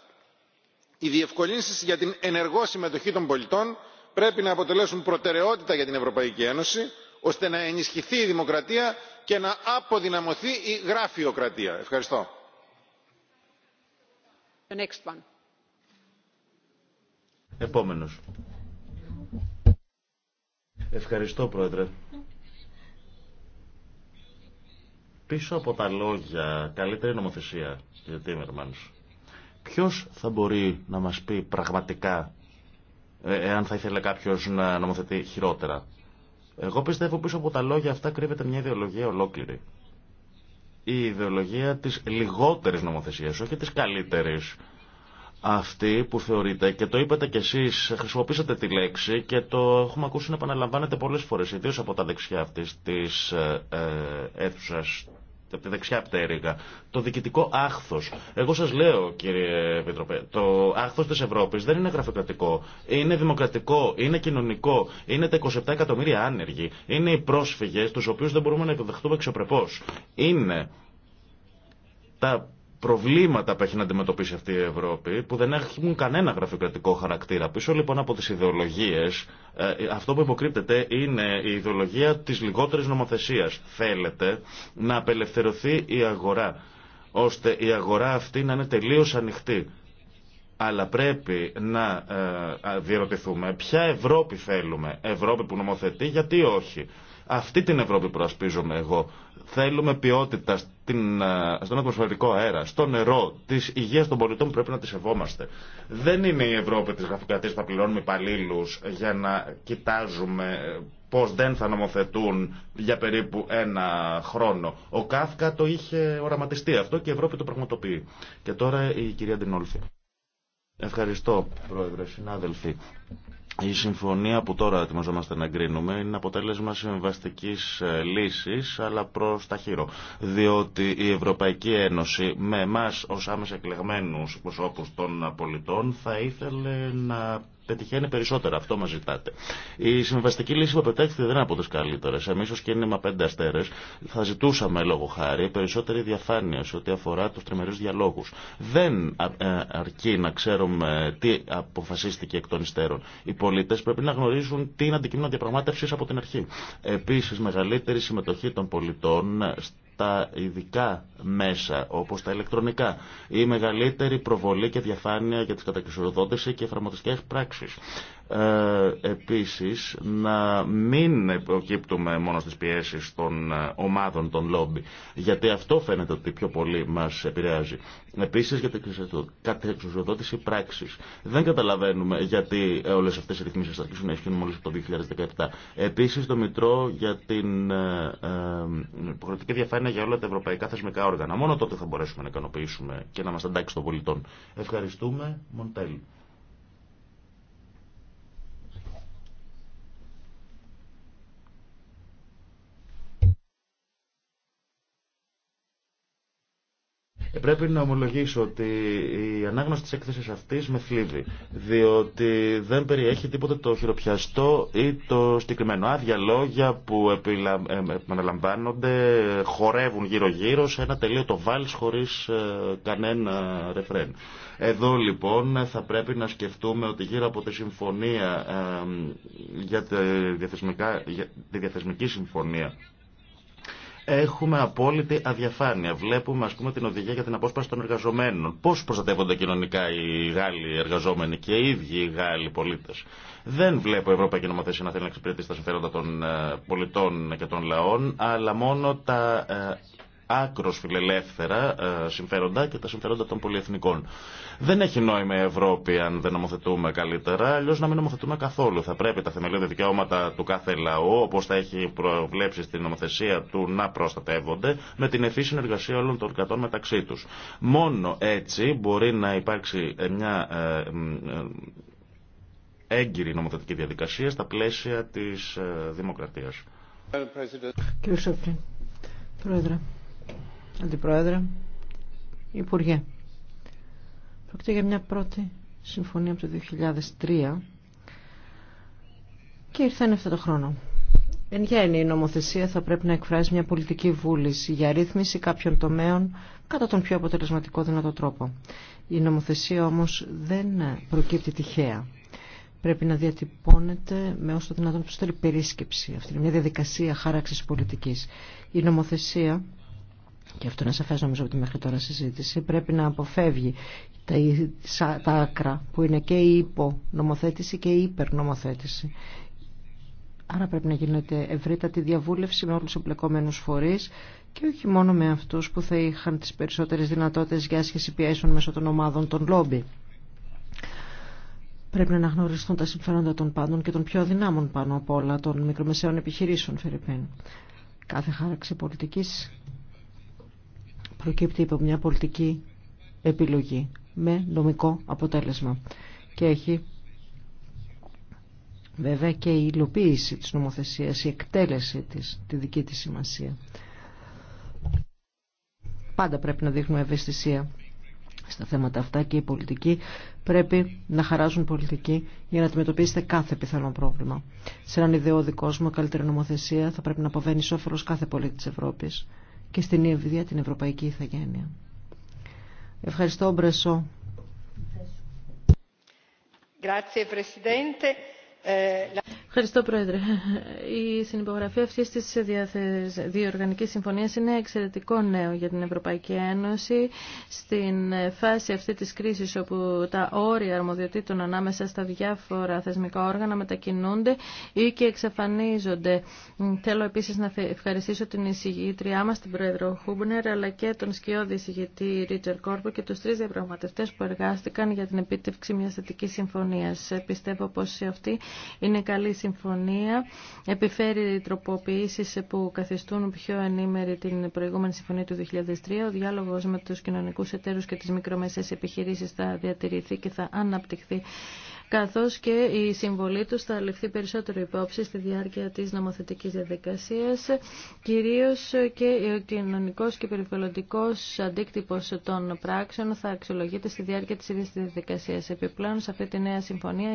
οι διευκολύνσεις για την ενεργό συμμετοχή των πολιτών πρέπει να αποτελέσουν προτεραιότητα για την ευρωπαϊκή ένωση ώστε να ενισχυθεί η δημοκρατία και να αποδυναμωθεί η γραφειοκρατία. ευχαριστώ. Επόμενος. Ευχαριστώ πρόεδρε. Πίσω από τα λόγια καλύτερη νομοθεσία κύριε Τίμερμανς ποιος θα μπορεί να μας πει πραγματικά εάν θα ήθελε κάποιο να νομοθετεί χειρότερα. Εγώ πιστεύω πίσω από τα λόγια αυτά κρύβεται μια ιδεολογία ολόκληρη. Η ιδεολογία της λιγότερης νομοθεσίας, όχι της καλύτερης. Αυτή που θεωρείτε και το είπατε κι εσείς, χρησιμοποίησατε τη λέξη και το έχουμε ακούσει να επαναλαμβάνετε πολλές φορές, ιδίω από τα δεξιά αυτή τη ε, ε από τη δεξιά πτέρυγα, το διοικητικό άχθο. Εγώ σα λέω, κύριε Επιτροπέ, το άχθο τη Ευρώπη δεν είναι γραφειοκρατικό. Είναι δημοκρατικό, είναι κοινωνικό, είναι τα 27 εκατομμύρια άνεργοι, είναι οι πρόσφυγε, του οποίου δεν μπορούμε να υποδεχτούμε εξωπρεπώ. Είναι τα προβλήματα που έχει να αντιμετωπίσει αυτή η Ευρώπη, που δεν έχουν κανένα γραφειοκρατικό χαρακτήρα. Πίσω λοιπόν από τις ιδεολογίες, ε, αυτό που υποκρύπτεται είναι η ιδεολογία της λιγότερης νομοθεσίας. Θέλετε να απελευθερωθεί η αγορά, ώστε η αγορά αυτή να είναι τελείως ανοιχτή. Αλλά πρέπει να ε, διαρωτηθούμε ποια Ευρώπη θέλουμε. Ευρώπη που νομοθετεί, γιατί όχι. Αυτή την Ευρώπη προασπίζομαι εγώ. Θέλουμε ποιότητα ε, στον ατμοσφαιρικό αέρα, στο νερό, τη υγεία των πολιτών που πρέπει να τη σεβόμαστε. Δεν είναι η Ευρώπη τη γραφειοκρατία που θα πληρώνουμε υπαλλήλου για να κοιτάζουμε ε, πώ δεν θα νομοθετούν για περίπου ένα χρόνο. Ο Κάφκα το είχε οραματιστεί αυτό και η Ευρώπη το πραγματοποιεί. Και τώρα η κυρία Ντινόλφη. Ευχαριστώ, Πρόεδρε, συνάδελφοι. Η συμφωνία που τώρα ετοιμαζόμαστε να εγκρίνουμε είναι αποτέλεσμα συμβαστική ε, λύση, αλλά προ τα χείρο. Διότι η Ευρωπαϊκή Ένωση, με εμά ω άμεσα εκλεγμένου προσώπου των πολιτών, θα ήθελε να πετυχαίνει περισσότερα. Αυτό μα ζητάτε. Η συμβαστική λύση που επιτέχθηκε δεν είναι από τι καλύτερε. Εμεί ω κίνημα πέντε αστέρε θα ζητούσαμε λόγω χάρη περισσότερη διαφάνεια σε ό,τι αφορά του τριμερεί διαλόγου. Δεν ε, αρκεί να ξέρουμε τι αποφασίστηκε εκ των υστέρων. Οι πολίτε πρέπει να γνωρίζουν τι είναι αντικείμενο διαπραγμάτευση από την αρχή. Επίση, μεγαλύτερη συμμετοχή των πολιτών τα ειδικά μέσα, όπως τα ηλεκτρονικά, η μεγαλύτερη προβολή και διαφάνεια για τις κατακρισοδότηση και εφαρμοτιστικές πράξεις. Ε, επίσης να μην προκύπτουμε μόνο στις πιέσεις των ε, ομάδων των λόμπι γιατί αυτό φαίνεται ότι πιο πολύ μας επηρεάζει επίσης για την κατεξουσιοδότηση πράξης δεν καταλαβαίνουμε γιατί ε, όλες αυτές οι ρυθμίσεις θα αρχίσουν να ισχύουν μόλις από το 2017 επίσης το Μητρό για την υποχρεωτική διαφάνεια για όλα τα ευρωπαϊκά θεσμικά όργανα μόνο τότε θα μπορέσουμε να ικανοποιήσουμε και να μας αντάξει των πολιτών ευχαριστούμε Μοντέλ Ε, πρέπει να ομολογήσω ότι η ανάγνωση της έκθεσης αυτής με θλίβει, διότι δεν περιέχει τίποτε το χειροπιαστό ή το συγκεκριμένο. Άδεια λόγια που ε, ε, επαναλαμβάνονται, χορεύουν γύρω-γύρω σε ένα τελείωτο βάλς χωρίς κανένα ρεφρέν. Εδώ λοιπόν θα πρέπει να σκεφτούμε ότι γύρω από τη συμφωνία για τη διαθεσμική συμφωνία Έχουμε απόλυτη αδιαφάνεια. Βλέπουμε, α πούμε, την οδηγία για την απόσπαση των εργαζομένων. Πώς προστατεύονται κοινωνικά οι Γάλλοι εργαζόμενοι και οι ίδιοι οι Γάλλοι πολίτες. Δεν βλέπω η Ευρωπαϊκή Νομοθεσία να θέλει να εξυπηρετήσει τα συμφέροντα των ε, πολιτών και των λαών, αλλά μόνο τα ε, άκρος φιλελεύθερα ε, συμφέροντα και τα συμφέροντα των πολυεθνικών. Δεν έχει νόημα η Ευρώπη αν δεν νομοθετούμε καλύτερα, αλλιώ να μην νομοθετούμε καθόλου. Θα πρέπει τα θεμελιώδη δικαιώματα του κάθε λαού, όπω θα έχει προβλέψει στην νομοθεσία του, να προστατεύονται με την ευφύ συνεργασία όλων των κρατών μεταξύ του. Μόνο έτσι μπορεί να υπάρξει ε, μια ε, έγκυρη νομοθετική διαδικασία στα πλαίσια της δημοκρατίας. Πρόεδρε, Αντιπρόεδρε, Υπουργέ. Πρόκειται για μια πρώτη συμφωνία από το 2003 και ήρθαν αυτό το χρόνο. Εν γέννη, η νομοθεσία θα πρέπει να εκφράζει μια πολιτική βούληση για ρύθμιση κάποιων τομέων κατά τον πιο αποτελεσματικό δυνατό τρόπο. Η νομοθεσία όμως δεν προκύπτει τυχαία. Πρέπει να διατυπώνεται με όσο δυνατόν περισσότερη περίσκεψη. Αυτή είναι μια διαδικασία χάραξης πολιτικής. Η νομοθεσία και αυτό είναι σαφές νομίζω ότι μέχρι τώρα συζήτηση, πρέπει να αποφεύγει τα, τα άκρα που είναι και η υπονομοθέτηση και η υπερνομοθέτηση. Άρα πρέπει να γίνεται ευρύτατη διαβούλευση με όλους τους εμπλεκόμενους φορείς και όχι μόνο με αυτούς που θα είχαν τις περισσότερες δυνατότητες για άσχεση πιέσεων μέσω των ομάδων των λόμπι. Πρέπει να αναγνωριστούν τα συμφέροντα των πάντων και των πιο δυνάμων πάνω από όλα των μικρομεσαίων επιχειρήσεων, Φερρυπίν. Κάθε χάραξη πολιτικής προκύπτει από μια πολιτική επιλογή με νομικό αποτέλεσμα και έχει βέβαια και η υλοποίηση της νομοθεσίας, η εκτέλεση της, τη δική της σημασία. Πάντα πρέπει να δείχνουμε ευαισθησία στα θέματα αυτά και οι πολιτικοί πρέπει να χαράζουν πολιτική για να αντιμετωπίσετε κάθε πιθανό πρόβλημα. Σε έναν ιδεώδη κόσμο, καλύτερη νομοθεσία θα πρέπει να αποβαίνει σώφερος κάθε πολίτη της Ευρώπης και στην Ιευδία την Ευρωπαϊκή Ιθαγένεια. Ευχαριστώ, Μπρεσό. Grazie Presidente. Ε, Ευχαριστώ, Πρόεδρε. Η συνυπογραφή αυτή τη διοργανική συμφωνία είναι εξαιρετικό νέο για την Ευρωπαϊκή Ένωση. Στην φάση αυτή τη κρίση, όπου τα όρια αρμοδιοτήτων ανάμεσα στα διάφορα θεσμικά όργανα μετακινούνται ή και εξαφανίζονται. Θέλω επίση να ευχαριστήσω την εισηγήτριά μα, την Πρόεδρο Χούμπνερ, αλλά και τον σκιώδη εισηγητή Ρίτσερ Κόρπο και του τρει διαπραγματευτέ που εργάστηκαν για την επίτευξη μια θετική συμφωνία. Πιστεύω πω αυτή είναι καλή συμφωνία επιφέρει τροποποιήσεις που καθιστούν πιο ενήμερη την προηγούμενη συμφωνία του 2003. Ο διάλογος με του κοινωνικού εταίρους και τι μικρομεσαίες επιχειρήσει θα διατηρηθεί και θα αναπτυχθεί καθώς και η συμβολή τους θα ληφθεί περισσότερο υπόψη στη διάρκεια της νομοθετικής διαδικασίας, κυρίως και ο κοινωνικός και περιβαλλοντικός αντίκτυπος των πράξεων θα αξιολογείται στη διάρκεια της ίδιας διαδικασίας. Επιπλέον, σε αυτή τη νέα συμφωνία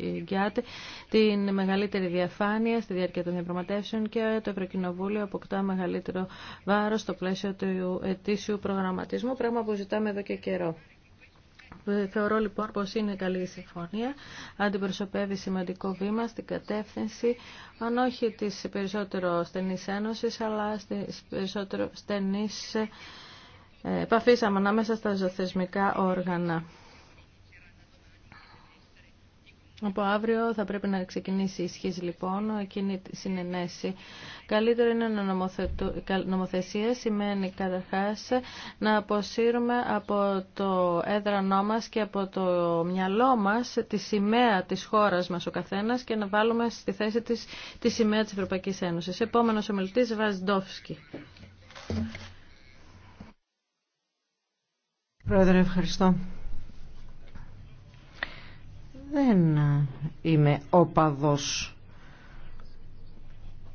εγγυάται την μεγαλύτερη διαφάνεια στη διάρκεια των διαπραγματεύσεων και το Ευρωκοινοβούλιο αποκτά μεγαλύτερο βάρος στο πλαίσιο του ετήσιου προγραμματισμού, πράγμα που ζητάμε εδώ και καιρό. Θεωρώ λοιπόν πως είναι καλή η συμφωνία, αντιπροσωπεύει σημαντικό βήμα στην κατεύθυνση, αν όχι της περισσότερο στενής ένωσης, αλλά της περισσότερο στενής ε, επαφής ανάμεσα στα ζωθεσμικά όργανα. Από αύριο θα πρέπει να ξεκινήσει η ισχύς λοιπόν εκείνη τη συνενέση. Καλύτερο είναι να νομοθετου... νομοθεσία σημαίνει καταρχάς να αποσύρουμε από το έδρανό μας και από το μυαλό μας τη σημαία της χώρας μας ο καθένας και να βάλουμε στη θέση της τη σημαία της Ευρωπαϊκής Ένωσης. Επόμενος ομιλητής Βαζντόφσκι. Πρόεδρε, ευχαριστώ δεν είμαι οπαδός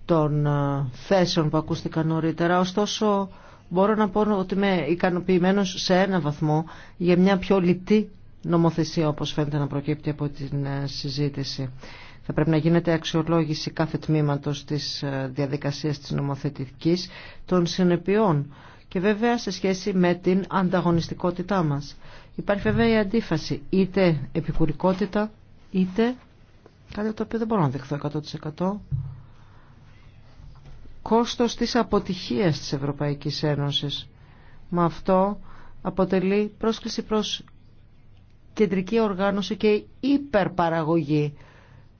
των ε, θέσεων που ακούστηκαν νωρίτερα, ωστόσο μπορώ να πω ότι είμαι ικανοποιημένος σε ένα βαθμό για μια πιο λιτή νομοθεσία όπως φαίνεται να προκύπτει από την ε, συζήτηση. Θα πρέπει να γίνεται αξιολόγηση κάθε τμήματος της ε, διαδικασίας της νομοθετικής των συνεπειών και βέβαια σε σχέση με την ανταγωνιστικότητά μας. Υπάρχει βέβαια η αντίφαση, είτε επικουρικότητα, είτε κάτι το οποίο δεν μπορώ να δεχθώ 100% κόστος της αποτυχίας της Ευρωπαϊκής Ένωσης. Με αυτό αποτελεί πρόσκληση προς κεντρική οργάνωση και υπερπαραγωγή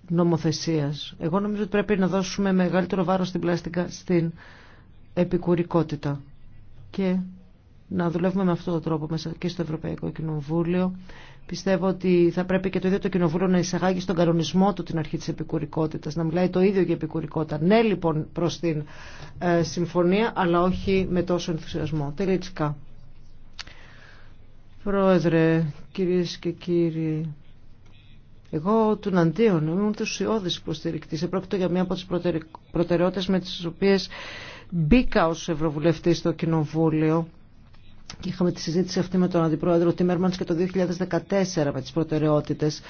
νομοθεσίας. Εγώ νομίζω ότι πρέπει να δώσουμε μεγαλύτερο βάρος στην πλάστικα στην επικουρικότητα να δουλεύουμε με αυτόν τον τρόπο μέσα και στο Ευρωπαϊκό Κοινοβούλιο. Πιστεύω ότι θα πρέπει και το ίδιο το Κοινοβούλιο να εισαγάγει στον κανονισμό του την αρχή τη επικουρικότητα, να μιλάει το ίδιο για επικουρικότητα. Ναι, λοιπόν, προ την ε, συμφωνία, αλλά όχι με τόσο ενθουσιασμό. τελικά Πρόεδρε, κυρίε και κύριοι. Εγώ του Ναντίον ήμουν ενθουσιώδη υποστηρικτή. Επρόκειτο για μία από τι προτεραιότητε με τι οποίε μπήκα ω Ευρωβουλευτή στο Κοινοβούλιο και είχαμε τη συζήτηση αυτή με τον Αντιπρόεδρο Τίμερμαντς και το 2014 με τις προτεραιότητες.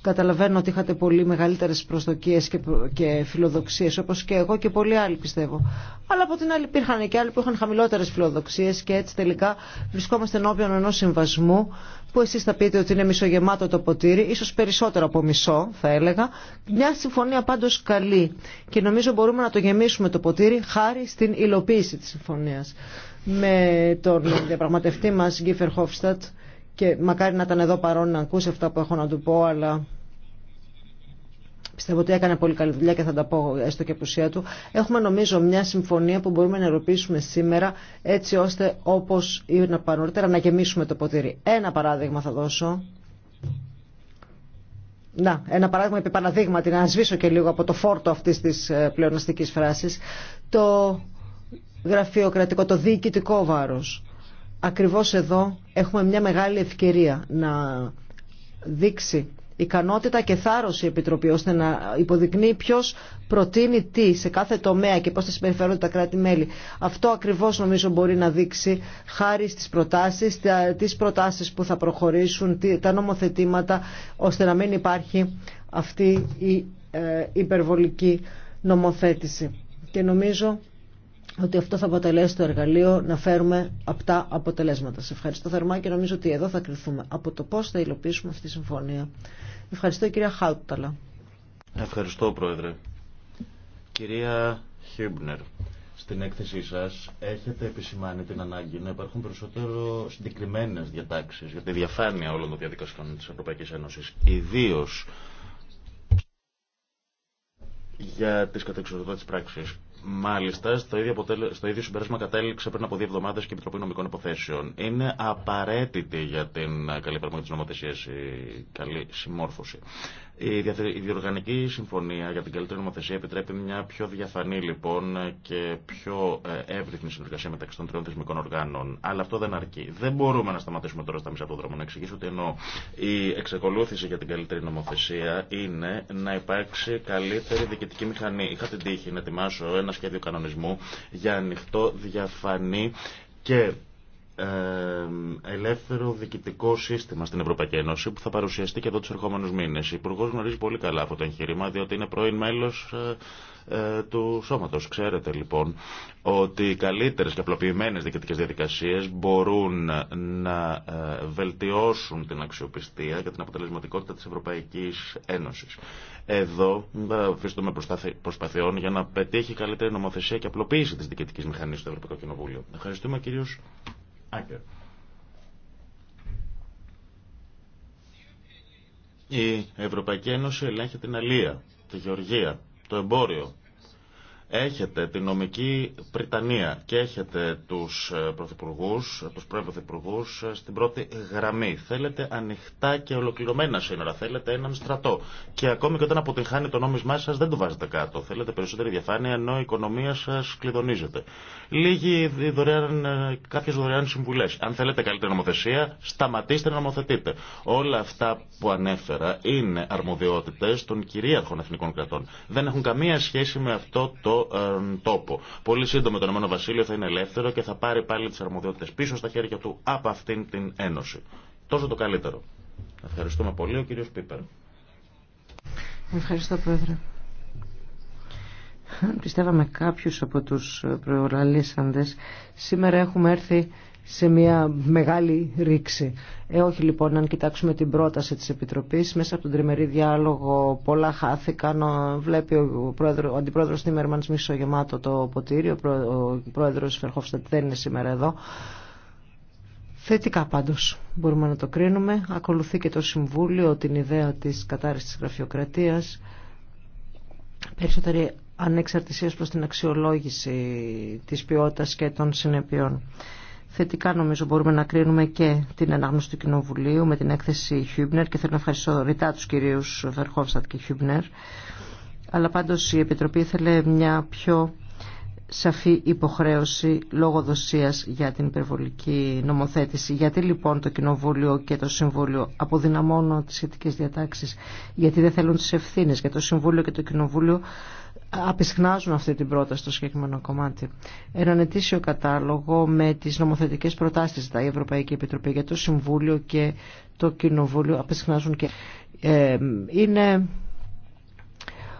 Καταλαβαίνω ότι είχατε πολύ μεγαλύτερες προσδοκίες και, και φιλοδοξίες όπως και εγώ και πολλοί άλλοι πιστεύω. Αλλά από την άλλη υπήρχαν και άλλοι που είχαν χαμηλότερες φιλοδοξίες και έτσι τελικά βρισκόμαστε ενώπιον ενός συμβασμού που εσείς θα πείτε ότι είναι μισογεμάτο το ποτήρι, ίσως περισσότερο από μισό θα έλεγα. Μια συμφωνία πάντως καλή και νομίζω μπορούμε να το γεμίσουμε το ποτήρι χάρη στην υλοποίηση της συμφωνίας με τον διαπραγματευτή μας Γκίφερ Χόφστατ και μακάρι να ήταν εδώ παρόν να ακούσει αυτά που έχω να του πω αλλά πιστεύω ότι έκανε πολύ καλή δουλειά και θα τα πω έστω και απουσία του. Έχουμε νομίζω μια συμφωνία που μπορούμε να ενεργοποιήσουμε σήμερα έτσι ώστε όπως είναι παρόντερα να γεμίσουμε το ποτήρι. Ένα παράδειγμα θα δώσω. Να, ένα παράδειγμα επί παραδείγματι, να σβήσω και λίγο από το φόρτο αυτή της ε, πλεοναστική φράση. Το γραφειοκρατικό, το διοικητικό βάρος. Ακριβώς εδώ έχουμε μια μεγάλη ευκαιρία να δείξει ικανότητα και θάρρος η Επιτροπή ώστε να υποδεικνύει ποιος προτείνει τι σε κάθε τομέα και πώς θα συμπεριφέρονται τα κράτη-μέλη. Αυτό ακριβώς νομίζω μπορεί να δείξει χάρη στις προτάσεις, τις προτάσεις που θα προχωρήσουν, τα νομοθετήματα ώστε να μην υπάρχει αυτή η ε, υπερβολική νομοθέτηση. Και νομίζω ότι αυτό θα αποτελέσει το εργαλείο να φέρουμε απτά αποτελέσματα. Σε ευχαριστώ θερμά και νομίζω ότι εδώ θα κρυθούμε από το πώς θα υλοποιήσουμε αυτή τη συμφωνία. Ευχαριστώ κυρία Χάουταλα. Ευχαριστώ Πρόεδρε. Κυρία Χίμπνερ, στην έκθεσή σας έχετε επισημάνει την ανάγκη να υπάρχουν περισσότερο συγκεκριμένες διατάξεις για τη διαφάνεια όλων των διαδικασιών της Ευρωπαϊκής Ένωσης, ιδίως για τις κατεξοδότητες πράξεις Μάλιστα, στο ίδιο, αποτέλε... στο ίδιο συμπέρασμα κατέληξε πριν από δύο εβδομάδε και η Επιτροπή Νομικών Υποθέσεων. Είναι απαραίτητη για την καλή εφαρμογή τη νομοθεσία η καλή συμμόρφωση. Η διοργανική συμφωνία για την καλύτερη νομοθεσία επιτρέπει μια πιο διαφανή λοιπόν και πιο ε, εύρυθμη συνεργασία μεταξύ των τριών θεσμικών οργάνων. Αλλά αυτό δεν αρκεί. Δεν μπορούμε να σταματήσουμε τώρα στα μισά του δρόμου. Να εξηγήσω ότι ενώ η εξακολούθηση για την καλύτερη νομοθεσία είναι να υπάρξει καλύτερη διοικητική μηχανή. Είχα την τύχη να ετοιμάσω ένα σχέδιο κανονισμού για ανοιχτό, διαφανή και ελεύθερο διοικητικό σύστημα στην Ευρωπαϊκή Ένωση που θα παρουσιαστεί και εδώ του ερχόμενου μήνε. Ο Υπουργό γνωρίζει πολύ καλά αυτό το εγχείρημα, διότι είναι πρώην μέλο ε, ε, του σώματο. Ξέρετε λοιπόν ότι οι καλύτερε και απλοποιημένε διοικητικέ διαδικασίε μπορούν να ε, βελτιώσουν την αξιοπιστία και την αποτελεσματικότητα τη Ευρωπαϊκή Ένωση. Εδώ αφήσουμε προσπαθειών για να πετύχει καλύτερη νομοθεσία και απλοποίηση τη διοικητική μηχανή του Ευρωπαϊκό Κοινοβούλιο. Ευχαριστούμε κυρίω. Η Ευρωπαϊκή Ένωση ελέγχει την αλία, τη γεωργία, το εμπόριο, έχετε την νομική Πριτανία και έχετε τους ε, πρωθυπουργούς, τους πρωθυπουργούς ε, στην πρώτη γραμμή. Θέλετε ανοιχτά και ολοκληρωμένα σύνορα, θέλετε έναν στρατό. Και ακόμη και όταν αποτυγχάνει το νόμισμά σας δεν το βάζετε κάτω. Θέλετε περισσότερη διαφάνεια ενώ η οικονομία σας κλειδονίζεται. Λίγοι δωρεάν, ε, κάποιες δωρεάν συμβουλές. Αν θέλετε καλύτερη νομοθεσία, σταματήστε να νομοθετείτε. Όλα αυτά που ανέφερα είναι αρμοδιότητες των κυρίαρχων εθνικών κρατών. Δεν έχουν καμία σχέση με αυτό το ε, τόπο. Πολύ σύντομα το Ηνωμένο Βασίλειο θα είναι ελεύθερο και θα πάρει πάλι τι αρμοδιότητε πίσω στα χέρια του από αυτήν την Ένωση. Τόσο το καλύτερο. Ευχαριστούμε πολύ, ο κύριο Πίπερ. Ευχαριστώ, Πρόεδρε. πιστεύαμε κάποιους από τους προοραλήσαντες, σήμερα έχουμε έρθει σε μια μεγάλη ρήξη. Ε, όχι λοιπόν, αν κοιτάξουμε την πρόταση της Επιτροπής, μέσα από τον τριμερή διάλογο πολλά χάθηκαν. Βλέπει ο, πρόεδρο, ο αντιπρόεδρος Τίμερμανς μισογεμάτο το ποτήρι, ο, πρόεδρος Φερχόφστατ δεν είναι σήμερα εδώ. Θετικά πάντως μπορούμε να το κρίνουμε. Ακολουθεί και το Συμβούλιο την ιδέα της κατάρρησης της γραφειοκρατίας. Περισσότερη ανεξαρτησία προς την αξιολόγηση της ποιότητας και των συνεπειών. Θετικά νομίζω μπορούμε να κρίνουμε και την ανάγνωση του Κοινοβουλίου με την έκθεση Χιούμπνερ και θέλω να ευχαριστώ ρητά τους κυρίους Βερχόφστατ και Χιούμπνερ. Αλλά πάντως η Επιτροπή ήθελε μια πιο σαφή υποχρέωση λογοδοσίας για την υπερβολική νομοθέτηση. Γιατί λοιπόν το Κοινοβούλιο και το Συμβούλιο αποδυναμώνουν τις σχετικές διατάξεις. Γιατί δεν θέλουν τις ευθύνες. Για το Συμβούλιο και το Κοινοβούλιο απεισχνάζουν αυτή την πρόταση στο συγκεκριμένο κομμάτι. Έναν ετήσιο κατάλογο με τις νομοθετικές προτάσεις τα δηλαδή Ευρωπαϊκή Επιτροπή για το Συμβούλιο και το Κοινοβούλιο απεισχνάζουν και ε, είναι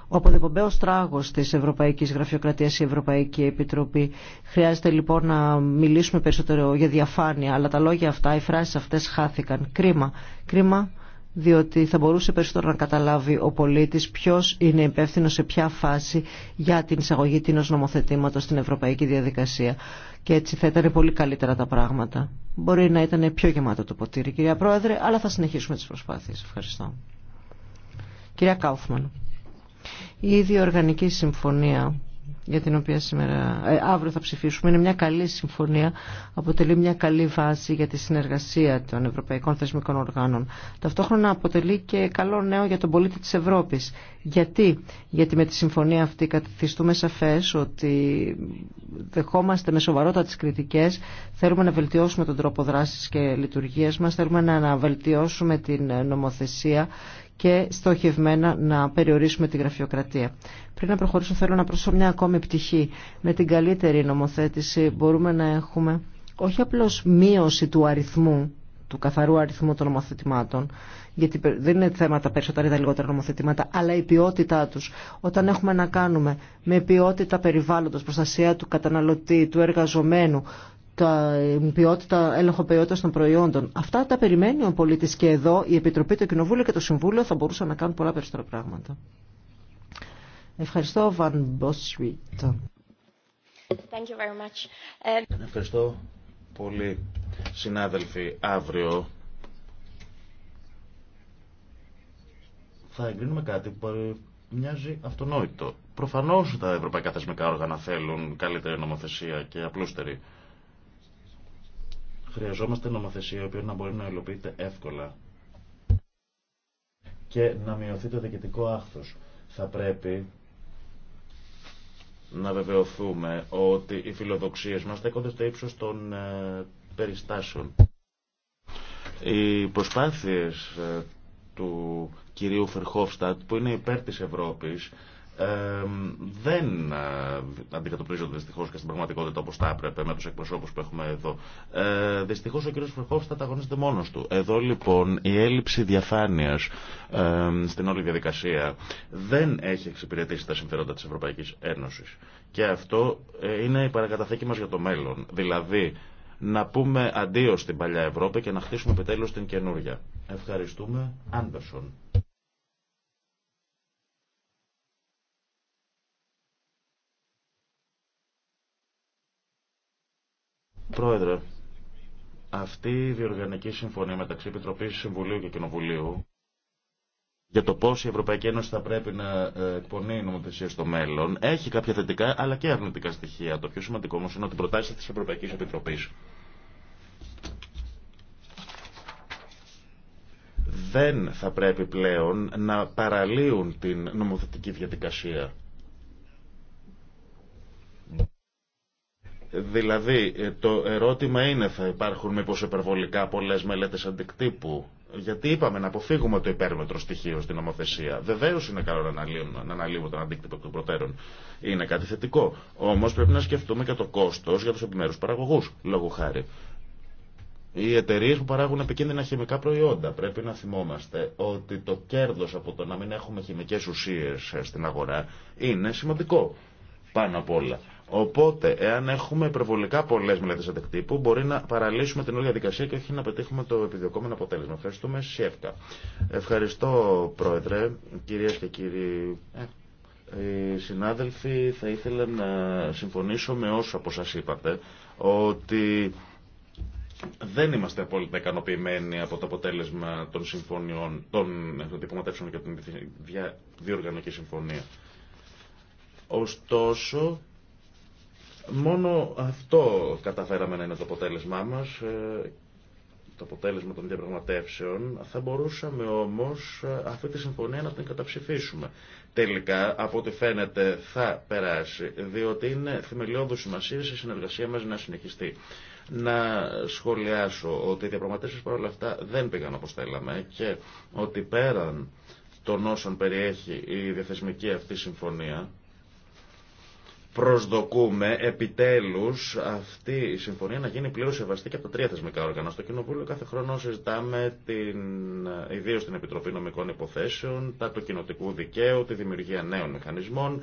ο αποδεπομπαίο τράγος τη Ευρωπαϊκή Γραφειοκρατίας η Ευρωπαϊκή Επιτροπή. Χρειάζεται λοιπόν να μιλήσουμε περισσότερο για διαφάνεια, αλλά τα λόγια αυτά, οι φράσει αυτέ χάθηκαν. Κρίμα. Κρίμα διότι θα μπορούσε περισσότερο να καταλάβει ο πολίτης ποιος είναι υπεύθυνο σε ποια φάση για την εισαγωγή τίνος νομοθετήματος στην ευρωπαϊκή διαδικασία. Και έτσι θα ήταν πολύ καλύτερα τα πράγματα. Μπορεί να ήταν πιο γεμάτο το ποτήρι, κυρία Πρόεδρε, αλλά θα συνεχίσουμε τις προσπάθειες. Ευχαριστώ. Κυρία Κάουφμαν, η ίδια οργανική συμφωνία για την οποία σήμερα, ε, αύριο θα ψηφίσουμε. Είναι μια καλή συμφωνία, αποτελεί μια καλή βάση για τη συνεργασία των ευρωπαϊκών θεσμικών οργάνων. Ταυτόχρονα αποτελεί και καλό νέο για τον πολίτη της Ευρώπης. Γιατί, Γιατί με τη συμφωνία αυτή καθιστούμε σαφές ότι δεχόμαστε με σοβαρότητα τις κριτικές, θέλουμε να βελτιώσουμε τον τρόπο δράσης και λειτουργίας μας, θέλουμε να βελτιώσουμε την νομοθεσία και στοχευμένα να περιορίσουμε τη γραφειοκρατία. Πριν να προχωρήσω θέλω να προσθέσω μια ακόμη πτυχή. Με την καλύτερη νομοθέτηση μπορούμε να έχουμε όχι απλώς μείωση του αριθμού του καθαρού αριθμού των νομοθετημάτων, γιατί δεν είναι θέματα περισσότερα ή τα λιγότερα νομοθετήματα, αλλά η ποιότητά τους. Όταν έχουμε να κάνουμε με ποιότητα περιβάλλοντος, προστασία του καταναλωτή, του εργαζομένου, τα ποιότητα, έλεγχο ποιότητα των προϊόντων. Αυτά τα περιμένει ο πολίτη και εδώ η Επιτροπή, το Κοινοβούλιο και το Συμβούλιο θα μπορούσαν να κάνουν πολλά περισσότερα πράγματα. Ευχαριστώ, Βαν Μποσουίτ. Ευχαριστώ πολύ, συνάδελφοι. Αύριο θα εγκρίνουμε κάτι που μοιάζει αυτονόητο. Προφανώς τα ευρωπαϊκά θεσμικά όργανα θέλουν καλύτερη νομοθεσία και απλούστερη. Χρειαζόμαστε νομοθεσία η οποία να μπορεί να υλοποιείται εύκολα και να μειωθεί το διοικητικό άχθος. Θα πρέπει να βεβαιωθούμε ότι οι φιλοδοξίες μας στέκονται στο ύψος των ε, περιστάσεων. Οι προσπάθειες ε, του κυρίου Φερχόφστατ που είναι υπέρ της Ευρώπης δεν ε, αντικατοπτρίζονται δυστυχώ και στην πραγματικότητα όπω θα έπρεπε με του εκπροσώπου που έχουμε εδώ. Ε, δυστυχώ ο κ. Φερχόφστατ αγωνίζεται μόνο του. Εδώ λοιπόν η έλλειψη διαφάνεια ε, στην όλη διαδικασία δεν έχει εξυπηρετήσει τα συμφέροντα τη Ευρωπαϊκή Ένωση. Και αυτό ε, είναι η παρακαταθήκη μα για το μέλλον. Δηλαδή να πούμε αντίο στην παλιά Ευρώπη και να χτίσουμε επιτέλου την καινούρια. Ευχαριστούμε. Άντερσον. Πρόεδρε, αυτή η διοργανική συμφωνία μεταξύ Επιτροπή Συμβουλίου και Κοινοβουλίου για το πώ η Ευρωπαϊκή Ένωση θα πρέπει να ε, εκπονεί νομοθεσία στο μέλλον έχει κάποια θετικά αλλά και αρνητικά στοιχεία. Το πιο σημαντικό όμω είναι ότι οι προτάσει τη Ευρωπαϊκή Επιτροπή δεν θα πρέπει πλέον να παραλύουν την νομοθετική διαδικασία. Δηλαδή, ε, το ερώτημα είναι θα υπάρχουν μήπως υπερβολικά πολλές μελέτες αντικτύπου. Γιατί είπαμε να αποφύγουμε το υπέρμετρο στοιχείο στην νομοθεσία. Βεβαίω είναι καλό να αναλύουμε, να αναλύουμε τον αντίκτυπο των προτέρων. Είναι κάτι θετικό. Όμω πρέπει να σκεφτούμε και το κόστο για του επιμέρου παραγωγού, λόγω χάρη. Οι εταιρείε που παράγουν επικίνδυνα χημικά προϊόντα. Πρέπει να θυμόμαστε ότι το κέρδο από το να μην έχουμε χημικέ ουσίε ε, στην αγορά είναι σημαντικό. Πάνω απ' όλα. Οπότε, εάν έχουμε υπερβολικά πολλέ μελέτε αντεκτύπου, μπορεί να παραλύσουμε την όλη διαδικασία και όχι να πετύχουμε το επιδιωκόμενο αποτέλεσμα. Ευχαριστούμε, Σιέφκα. Ευχαριστώ, Πρόεδρε, κυρίε και κύριοι. Ε. συνάδελφοι, θα ήθελα να συμφωνήσω με όσο από σας είπατε ότι δεν είμαστε απόλυτα ικανοποιημένοι από το αποτέλεσμα των συμφωνιών, των διποματεύσεων και την διοργανική συμφωνία. Ωστόσο, Μόνο αυτό καταφέραμε να είναι το αποτέλεσμά μας, ε, το αποτέλεσμα των διαπραγματεύσεων. Θα μπορούσαμε όμως ε, αυτή τη συμφωνία να την καταψηφίσουμε. Τελικά, από ό,τι φαίνεται, θα περάσει, διότι είναι θεμελιώδου σημασία η συνεργασία μας να συνεχιστεί. Να σχολιάσω ότι οι διαπραγματεύσεις παρόλα αυτά δεν πήγαν όπως θέλαμε και ότι πέραν των όσων περιέχει η διαθεσμική αυτή συμφωνία, προσδοκούμε επιτέλους αυτή η συμφωνία να γίνει πλήρως σεβαστή και από τα τρία θεσμικά όργανα. Στο Κοινοβούλιο κάθε χρόνο συζητάμε την, ιδίως την Επιτροπή Νομικών Υποθέσεων, τα του κοινοτικού δικαίου, τη δημιουργία νέων μηχανισμών,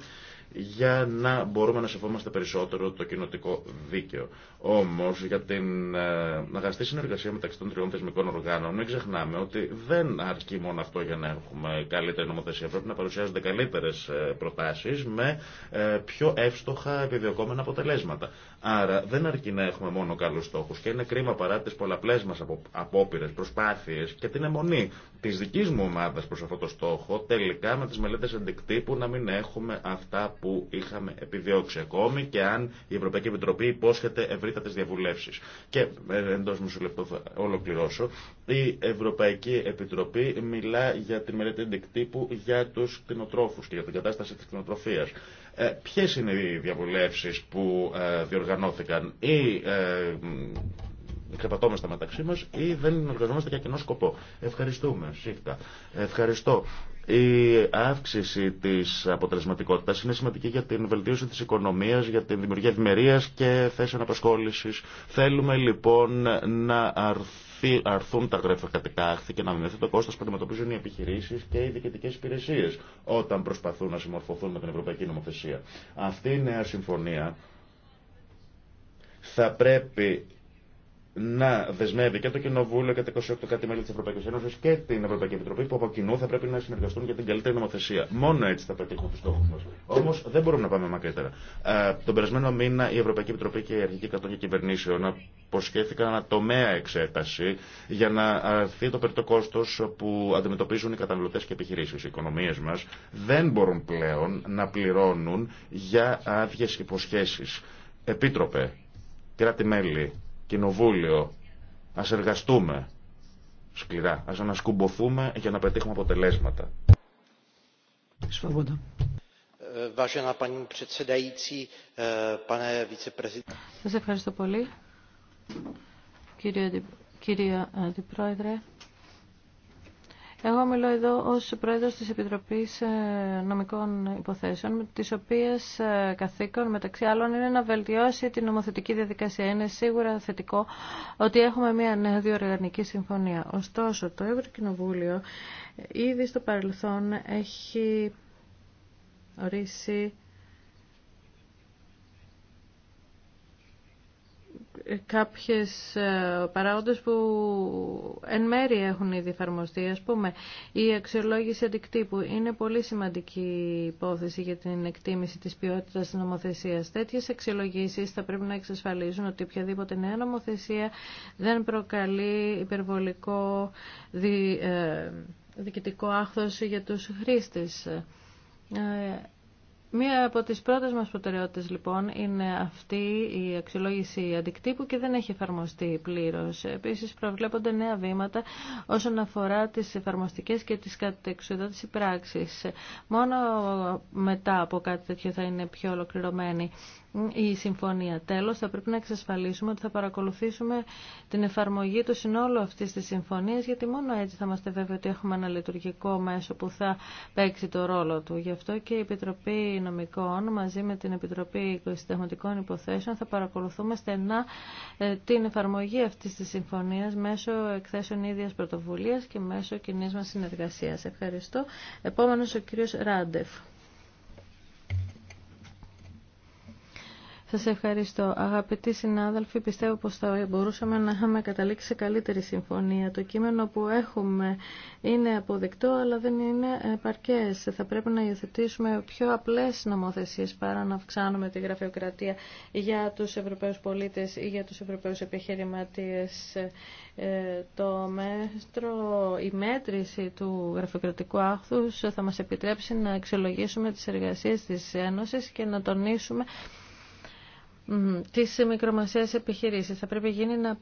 για να μπορούμε να σεβόμαστε περισσότερο το κοινοτικό δίκαιο. Όμω, για την ε, αγαστή συνεργασία μεταξύ των τριών θεσμικών οργάνων, μην ξεχνάμε ότι δεν αρκεί μόνο αυτό για να έχουμε καλύτερη νομοθεσία. Πρέπει να παρουσιάζονται καλύτερε προτάσει με ε, πιο εύστοχα επιδιωκόμενα αποτελέσματα. Άρα δεν αρκεί να έχουμε μόνο καλούς στόχους και είναι κρίμα παρά τις πολλαπλές μας απόπειρες, προσπάθειες και την αιμονή της δικής μου ομάδας προς αυτό το στόχο τελικά με τις μελέτες αντικτύπου να μην έχουμε αυτά που είχαμε επιδιώξει ακόμη και αν η Ευρωπαϊκή Επιτροπή υπόσχεται ευρύτατες διαβουλεύσεις. Και ε, εντός μισού λεπτό θα ολοκληρώσω. Η Ευρωπαϊκή Επιτροπή μιλά για τη μελέτη αντικτύπου για τους κτηνοτρόφους και για την κατάσταση της κτηνοτροφίας. Ε, Ποιε είναι οι διαβουλεύσει που ε, διοργανώθηκαν ή κρεπατόμαστε μεταξύ μα ή δεν εργαζόμαστε για κοινό σκοπό. Ευχαριστούμε, σύχτα. Ευχαριστώ. Η αύξηση τη αποτελεσματικότητα είναι σημαντική για την βελτίωση τη οικονομία, για την δημιουργία ευημερία και θέσεων απασχόλησης. Θέλουμε λοιπόν να αρθούν τα γραφειοκρατικά άχθη και να μειωθεί το κόστο που αντιμετωπίζουν οι επιχειρήσει και οι διοικητικέ υπηρεσίε όταν προσπαθούν να συμμορφωθούν με την Ευρωπαϊκή Νομοθεσία. Αυτή η νέα συμφωνία θα πρέπει να δεσμεύει και το Κοινοβούλιο και τα 28 κάτι μέλη τη Ευρωπαϊκή Ένωση και την Ευρωπαϊκή Επιτροπή που από κοινού θα πρέπει να συνεργαστούν για την καλύτερη νομοθεσία. Μόνο έτσι θα πετύχουν του στόχου μα. Όμω δεν μπορούμε να πάμε μακρύτερα. Ε, τον περασμένο μήνα η Ευρωπαϊκή Επιτροπή και η Αρχική Κατόνια Κυβερνήσεων αποσχέθηκαν ένα τομέα εξέταση για να αρθεί το περιττό κόστο που αντιμετωπίζουν οι καταναλωτέ και επιχειρήσει. Οι οικονομίε μα δεν μπορούν πλέον να πληρώνουν για άδειε υποσχέσει. Επίτροπε, κράτη-μέλη, κοινοβούλιο, ας εργαστούμε σκληρά, ας ανασκουμποθούμε για να πετύχουμε αποτελέσματα. Σφαβόντα. Ε, ε, Σας ευχαριστώ πολύ, κύριε Αντιπρόεδρε. Εγώ μιλώ εδώ ως πρόεδρος της Επιτροπής ε, Νομικών Υποθέσεων, τις οποίες ε, καθήκον μεταξύ άλλων είναι να βελτιώσει την νομοθετική διαδικασία. Είναι σίγουρα θετικό ότι έχουμε μια νέα διοργανική συμφωνία. Ωστόσο, το Ευρωκοινοβούλιο ε, ήδη στο παρελθόν έχει ορίσει κάποιες ε, παράγοντες που εν μέρη έχουν ήδη εφαρμοστεί. Ας πούμε, η αξιολόγηση αντικτύπου είναι πολύ σημαντική υπόθεση για την εκτίμηση της ποιότητας της νομοθεσίας. Τέτοιες αξιολογήσεις θα πρέπει να εξασφαλίζουν ότι οποιαδήποτε νέα νομοθεσία δεν προκαλεί υπερβολικό δι, ε, διοικητικό άχθος για τους χρήστες. Ε, Μία από τις πρώτες μας προτεραιότητες λοιπόν είναι αυτή η αξιολόγηση αντικτύπου και δεν έχει εφαρμοστεί πλήρως. Επίσης προβλέπονται νέα βήματα όσον αφορά τις εφαρμοστικές και τις κατεξοδότηση πράξεις. Μόνο μετά από κάτι τέτοιο θα είναι πιο ολοκληρωμένη η συμφωνία. Τέλος, θα πρέπει να εξασφαλίσουμε ότι θα παρακολουθήσουμε την εφαρμογή του συνόλου αυτής της συμφωνίας, γιατί μόνο έτσι θα είμαστε βέβαιοι ότι έχουμε ένα λειτουργικό μέσο που θα παίξει το ρόλο του. Γι' αυτό και η Επιτροπή Νομικών μαζί με την Επιτροπή Συνταγματικών Υποθέσεων θα παρακολουθούμε στενά ε, την εφαρμογή αυτής της συμφωνίας μέσω εκθέσεων ίδιας πρωτοβουλίας και μέσω κοινή μας συνεργασίας. Ευχαριστώ. Επόμενος ο κύριος Ράντεφ. Σας ευχαριστώ. Αγαπητοί συνάδελφοι, πιστεύω πως θα μπορούσαμε να είχαμε καταλήξει σε καλύτερη συμφωνία. Το κείμενο που έχουμε είναι αποδεκτό, αλλά δεν είναι επαρκές. Θα πρέπει να υιοθετήσουμε πιο απλές νομοθεσίες παρά να αυξάνουμε τη γραφειοκρατία για τους Ευρωπαίους πολίτες ή για τους Ευρωπαίους επιχειρηματίες. Ε, το μέτρο, η μέτρηση του γραφειοκρατικού άχθους θα μας επιτρέψει να αξιολογήσουμε τις εργασίες της Ένωσης και να τονίσουμε τις μικρομεσαίες επιχειρήσεις. Θα πρέπει, γίνει να...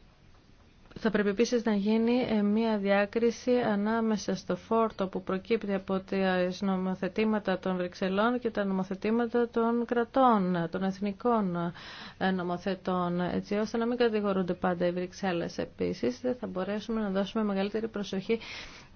θα πρέπει επίσης να γίνει ε, μια διάκριση ανάμεσα στο φόρτο που προκύπτει από τα νομοθετήματα των Βρυξελών και τα νομοθετήματα των κρατών, των εθνικών ε, νομοθετών, έτσι ώστε να μην κατηγορούνται πάντα οι Βρυξέλλες. Επίσης, δεν θα μπορέσουμε να δώσουμε μεγαλύτερη προσοχή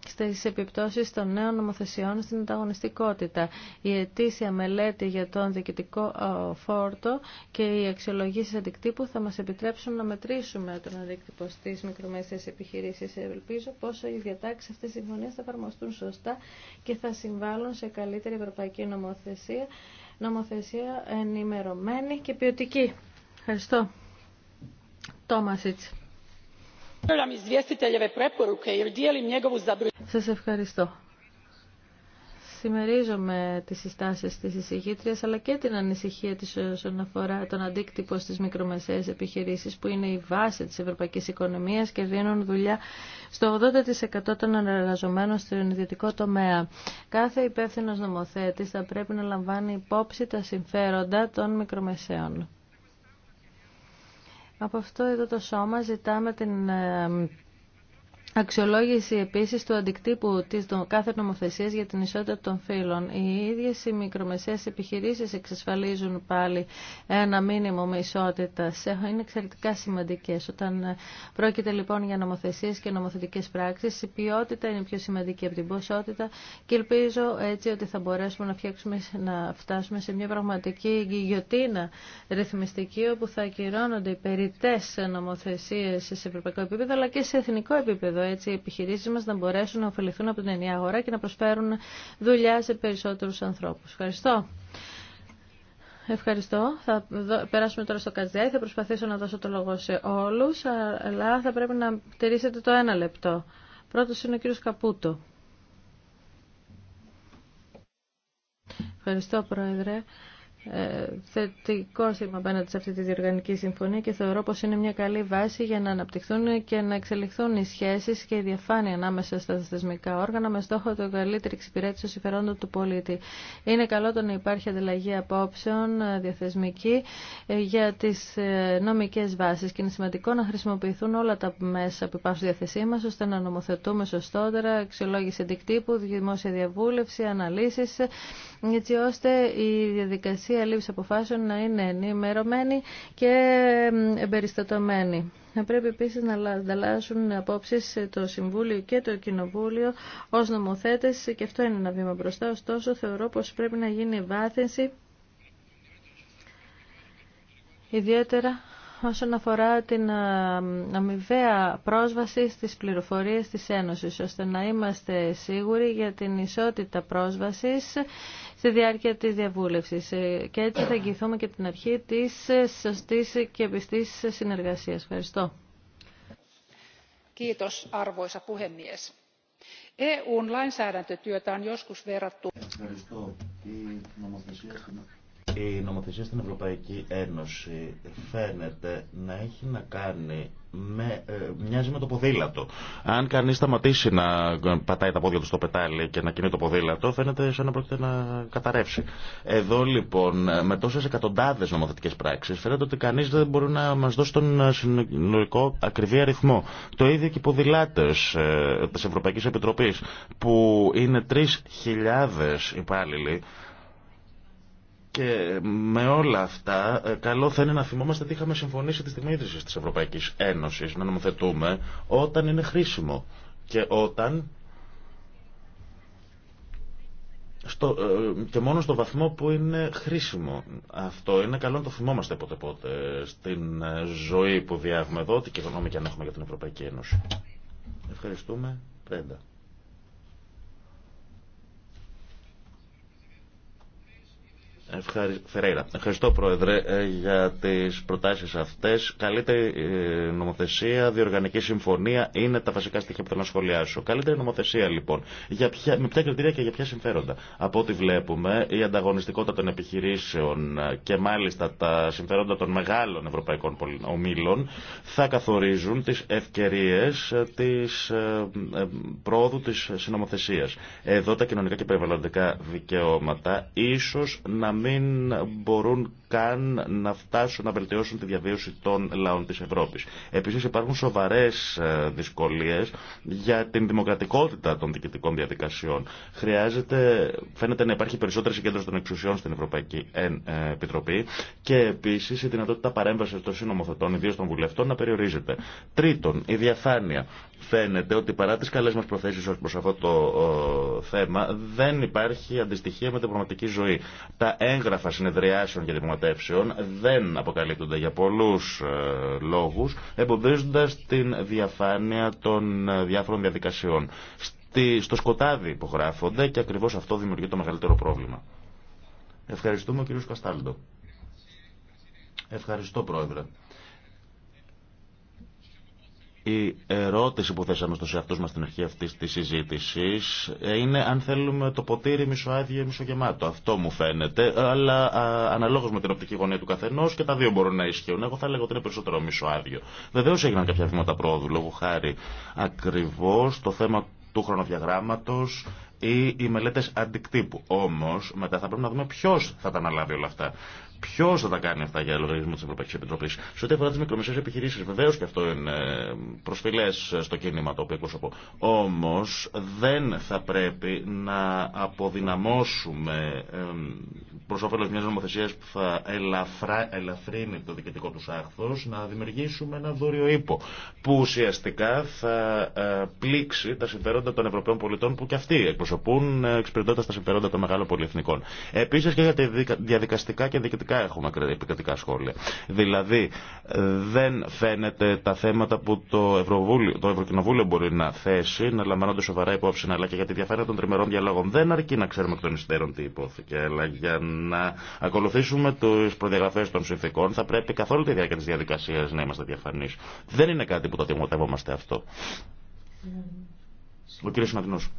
στις επιπτώσεις των νέων νομοθεσιών στην ανταγωνιστικότητα. Η ετήσια μελέτη για τον διοικητικό φόρτο και οι αξιολογήσεις αντικτύπου θα μας επιτρέψουν να μετρήσουμε τον αντίκτυπο στις μικρομεσαίες επιχειρήσεις. Ελπίζω πόσο οι διατάξεις αυτής της συμφωνίας θα εφαρμοστούν σωστά και θα συμβάλλουν σε καλύτερη ευρωπαϊκή νομοθεσία, νομοθεσία ενημερωμένη και ποιοτική. Ευχαριστώ. Τόμασιτς. Σας ευχαριστώ. Σημερίζομαι τις συστάσεις της εισηγήτριας αλλά και την ανησυχία της όσον αφορά τον αντίκτυπο στις μικρομεσαίες επιχειρήσεις που είναι η βάση της ευρωπαϊκής οικονομίας και δίνουν δουλειά στο 80% των εργαζομένων στον ιδιωτικό τομέα. Κάθε υπεύθυνος νομοθέτης θα πρέπει να λαμβάνει υπόψη τα συμφέροντα των μικρομεσαίων. Από αυτό εδώ το σώμα ζητάμε την ε, Αξιολόγηση επίση του αντικτύπου τη κάθε νομοθεσία για την ισότητα των φύλων. Οι ίδιε οι μικρομεσαίε επιχειρήσει εξασφαλίζουν πάλι ένα μήνυμο με ισότητα. Είναι εξαιρετικά σημαντικέ. Όταν ε, πρόκειται λοιπόν για νομοθεσίε και νομοθετικέ πράξει, η ποιότητα είναι πιο σημαντική από την ποσότητα και ελπίζω έτσι ότι θα μπορέσουμε να, φτιάξουμε, να φτάσουμε σε μια πραγματική γιγιοτίνα ρυθμιστική όπου θα ακυρώνονται οι περιττέ νομοθεσίε σε ευρωπαϊκό επίπεδο αλλά και σε εθνικό επίπεδο έτσι οι επιχειρήσει μα να μπορέσουν να ωφεληθούν από την ενιαία αγορά και να προσφέρουν δουλειά σε περισσότερους ανθρώπους. Ευχαριστώ. Ευχαριστώ. Θα περάσουμε τώρα στο Κατζέι. Θα προσπαθήσω να δώσω το λόγο σε όλους, αλλά θα πρέπει να τηρήσετε το ένα λεπτό. Πρώτος είναι ο κύριος Καπούτο. Ευχαριστώ, Πρόεδρε. Ε, θετικό σήμα απέναντι σε αυτή τη διοργανική συμφωνία και θεωρώ πως είναι μια καλή βάση για να αναπτυχθούν και να εξελιχθούν οι σχέσεις και η διαφάνεια ανάμεσα στα θεσμικά όργανα με στόχο το καλύτερη εξυπηρέτηση των συμφερόντων του πολίτη. Είναι καλό το να υπάρχει ανταλλαγή απόψεων ε, διαθεσμική ε, για τις νομικές βάσεις και είναι σημαντικό να χρησιμοποιηθούν όλα τα μέσα που υπάρχουν στη διαθεσή μας ώστε να νομοθετούμε σωστότερα αξιολόγηση αντικτύπου, δημόσια διαβούλευση, αναλύσεις έτσι ώστε η διαδικασία λήψη αποφάσεων να είναι ενημερωμένη και εμπεριστατωμένη. Θα πρέπει επίση να ανταλλάσσουν απόψει το Συμβούλιο και το Κοινοβούλιο ω νομοθέτε και αυτό είναι ένα βήμα μπροστά. Ωστόσο, θεωρώ πω πρέπει να γίνει βάθυνση ιδιαίτερα όσον αφορά την ε, αμοιβαία πρόσβαση στις πληροφορίες της Ένωσης, ώστε να είμαστε σίγουροι για την ισότητα πρόσβασης στη διάρκεια της διαβούλευσης. Ε, και έτσι θα εγγυηθούμε και την αρχή της σωστής και πιστής συνεργασίας. Ευχαριστώ. E Ευχαριστώ. Η νομοθεσία στην Ευρωπαϊκή Ένωση φαίνεται να έχει να κάνει με, ε, μοιάζει με το ποδήλατο. Αν κανεί σταματήσει να πατάει τα πόδια του στο πετάλι και να κινεί το ποδήλατο, φαίνεται σαν να πρόκειται να καταρρεύσει. Εδώ λοιπόν, με τόσε εκατοντάδε νομοθετικέ πράξει, φαίνεται ότι κανεί δεν μπορεί να μα δώσει τον συνολικό ακριβή αριθμό. Το ίδιο και οι ποδηλάτε ε, τη Ευρωπαϊκή Επιτροπή, που είναι 3.000 υπάλληλοι, και με όλα αυτά, ε, καλό θα είναι να θυμόμαστε τι είχαμε συμφωνήσει τη στιγμή ίδρυσης της Ευρωπαϊκής Ένωσης, να νομοθετούμε όταν είναι χρήσιμο και όταν στο, ε, και μόνο στο βαθμό που είναι χρήσιμο. Αυτό είναι καλό να το θυμόμαστε πότε πότε στην ε, ζωή που διάγουμε εδώ, ό,τι και γνώμη και αν έχουμε για την Ευρωπαϊκή Ένωση. Ευχαριστούμε. Πρέντα. Ευχαριστώ Πρόεδρε ε, για τις προτάσεις αυτές. Καλύτερη ε, νομοθεσία, διοργανική συμφωνία είναι τα βασικά στοιχεία που θέλω να σχολιάσω. Καλύτερη νομοθεσία λοιπόν. Για ποια... Με ποια κριτήρια και για ποια συμφέροντα. Από ό,τι βλέπουμε η ανταγωνιστικότητα των επιχειρήσεων και μάλιστα τα συμφέροντα των μεγάλων ευρωπαϊκών ομίλων θα καθορίζουν τις ευκαιρίες ε, της πρόοδου της συνομοθεσίας. Εδώ τα κοινωνικά και περιβαλλοντικά δικαιώματα ίσως να μην μπορούν καν να φτάσουν να βελτιώσουν τη διαβίωση των λαών της Ευρώπης. Επίσης υπάρχουν σοβαρές ε, δυσκολίες για την δημοκρατικότητα των διοικητικών διαδικασιών. Χρειάζεται, φαίνεται να υπάρχει περισσότερη συγκέντρωση των εξουσιών στην Ευρωπαϊκή ε, Επιτροπή και επίσης η δυνατότητα παρέμβασης των συνομοθετών, ιδίως των βουλευτών, να περιορίζεται. Τρίτον, η διαφάνεια φαίνεται ότι παρά τις καλές μας προθέσεις ως προς αυτό το θέμα δεν υπάρχει αντιστοιχεία με την πραγματική ζωή. Τα έγγραφα συνεδριάσεων και δημοτεύσεων δεν αποκαλύπτονται για πολλούς ε, λόγους εμποδίζοντας την διαφάνεια των ε, διάφορων διαδικασιών. Στη, στο σκοτάδι υπογράφονται και ακριβώς αυτό δημιουργεί το μεγαλύτερο πρόβλημα. Ευχαριστούμε ο κ. Καστάλντο. Ευχαριστώ πρόεδρε. Η ερώτηση που θέσαμε στους εαυτούς μας στην αρχή αυτής της συζήτησης είναι αν θέλουμε το ποτήρι μισοάδιο ή μισογεμάτο. Αυτό μου φαίνεται, αλλά α, αναλόγως με την οπτική γωνία του καθενός και τα δύο μπορούν να ισχύουν. Εγώ θα λέγω ότι είναι περισσότερο μισοάδιο. Βεβαίως έγιναν κάποια βήματα πρόοδου, λόγω χάρη ακριβώς το θέμα του χρονοδιαγράμματος ή οι μελέτες αντικτύπου. Όμως μετά θα πρέπει να δούμε ποιος θα τα αναλάβει όλα αυτά. Ποιο θα τα κάνει αυτά για λογαριασμό τη Ευρωπαϊκή Επιτροπή. Σε ό,τι αφορά τι μικρομεσαίε επιχειρήσει, βεβαίω και αυτό είναι ε, προσφυλέ στο κίνημα το οποίο εκπροσωπώ. Όμω δεν θα πρέπει να αποδυναμώσουμε προ όφελο μια νομοθεσία που θα ελαφρά, ελαφρύνει το διοικητικό του άχθο, να δημιουργήσουμε ένα δόριο ύπο που ουσιαστικά θα ε, πλήξει τα συμφέροντα των Ευρωπαίων πολιτών που και αυτοί εκπροσωπούν ε, εξυπηρετώντα τα συμφέροντα των μεγάλων πολυεθνικών. Επίση και για διαδικαστικά και έχουμε επικρατικά σχόλια. Δηλαδή, δεν φαίνεται τα θέματα που το, Ευρωβούλιο, το Ευρωκοινοβούλιο μπορεί να θέσει, να λαμβάνονται σοβαρά υπόψη, αλλά και για τη διαφάνεια των τριμερών διαλόγων. Δεν αρκεί να ξέρουμε εκ των υστέρων τι υπόθηκε, αλλά για να ακολουθήσουμε τι προδιαγραφέ των συνθηκών θα πρέπει καθ' όλη τη διάρκεια τη διαδικασία να είμαστε διαφανεί. Δεν είναι κάτι που το δημοτεύομαστε αυτό. Ο κύριος Συναντινός.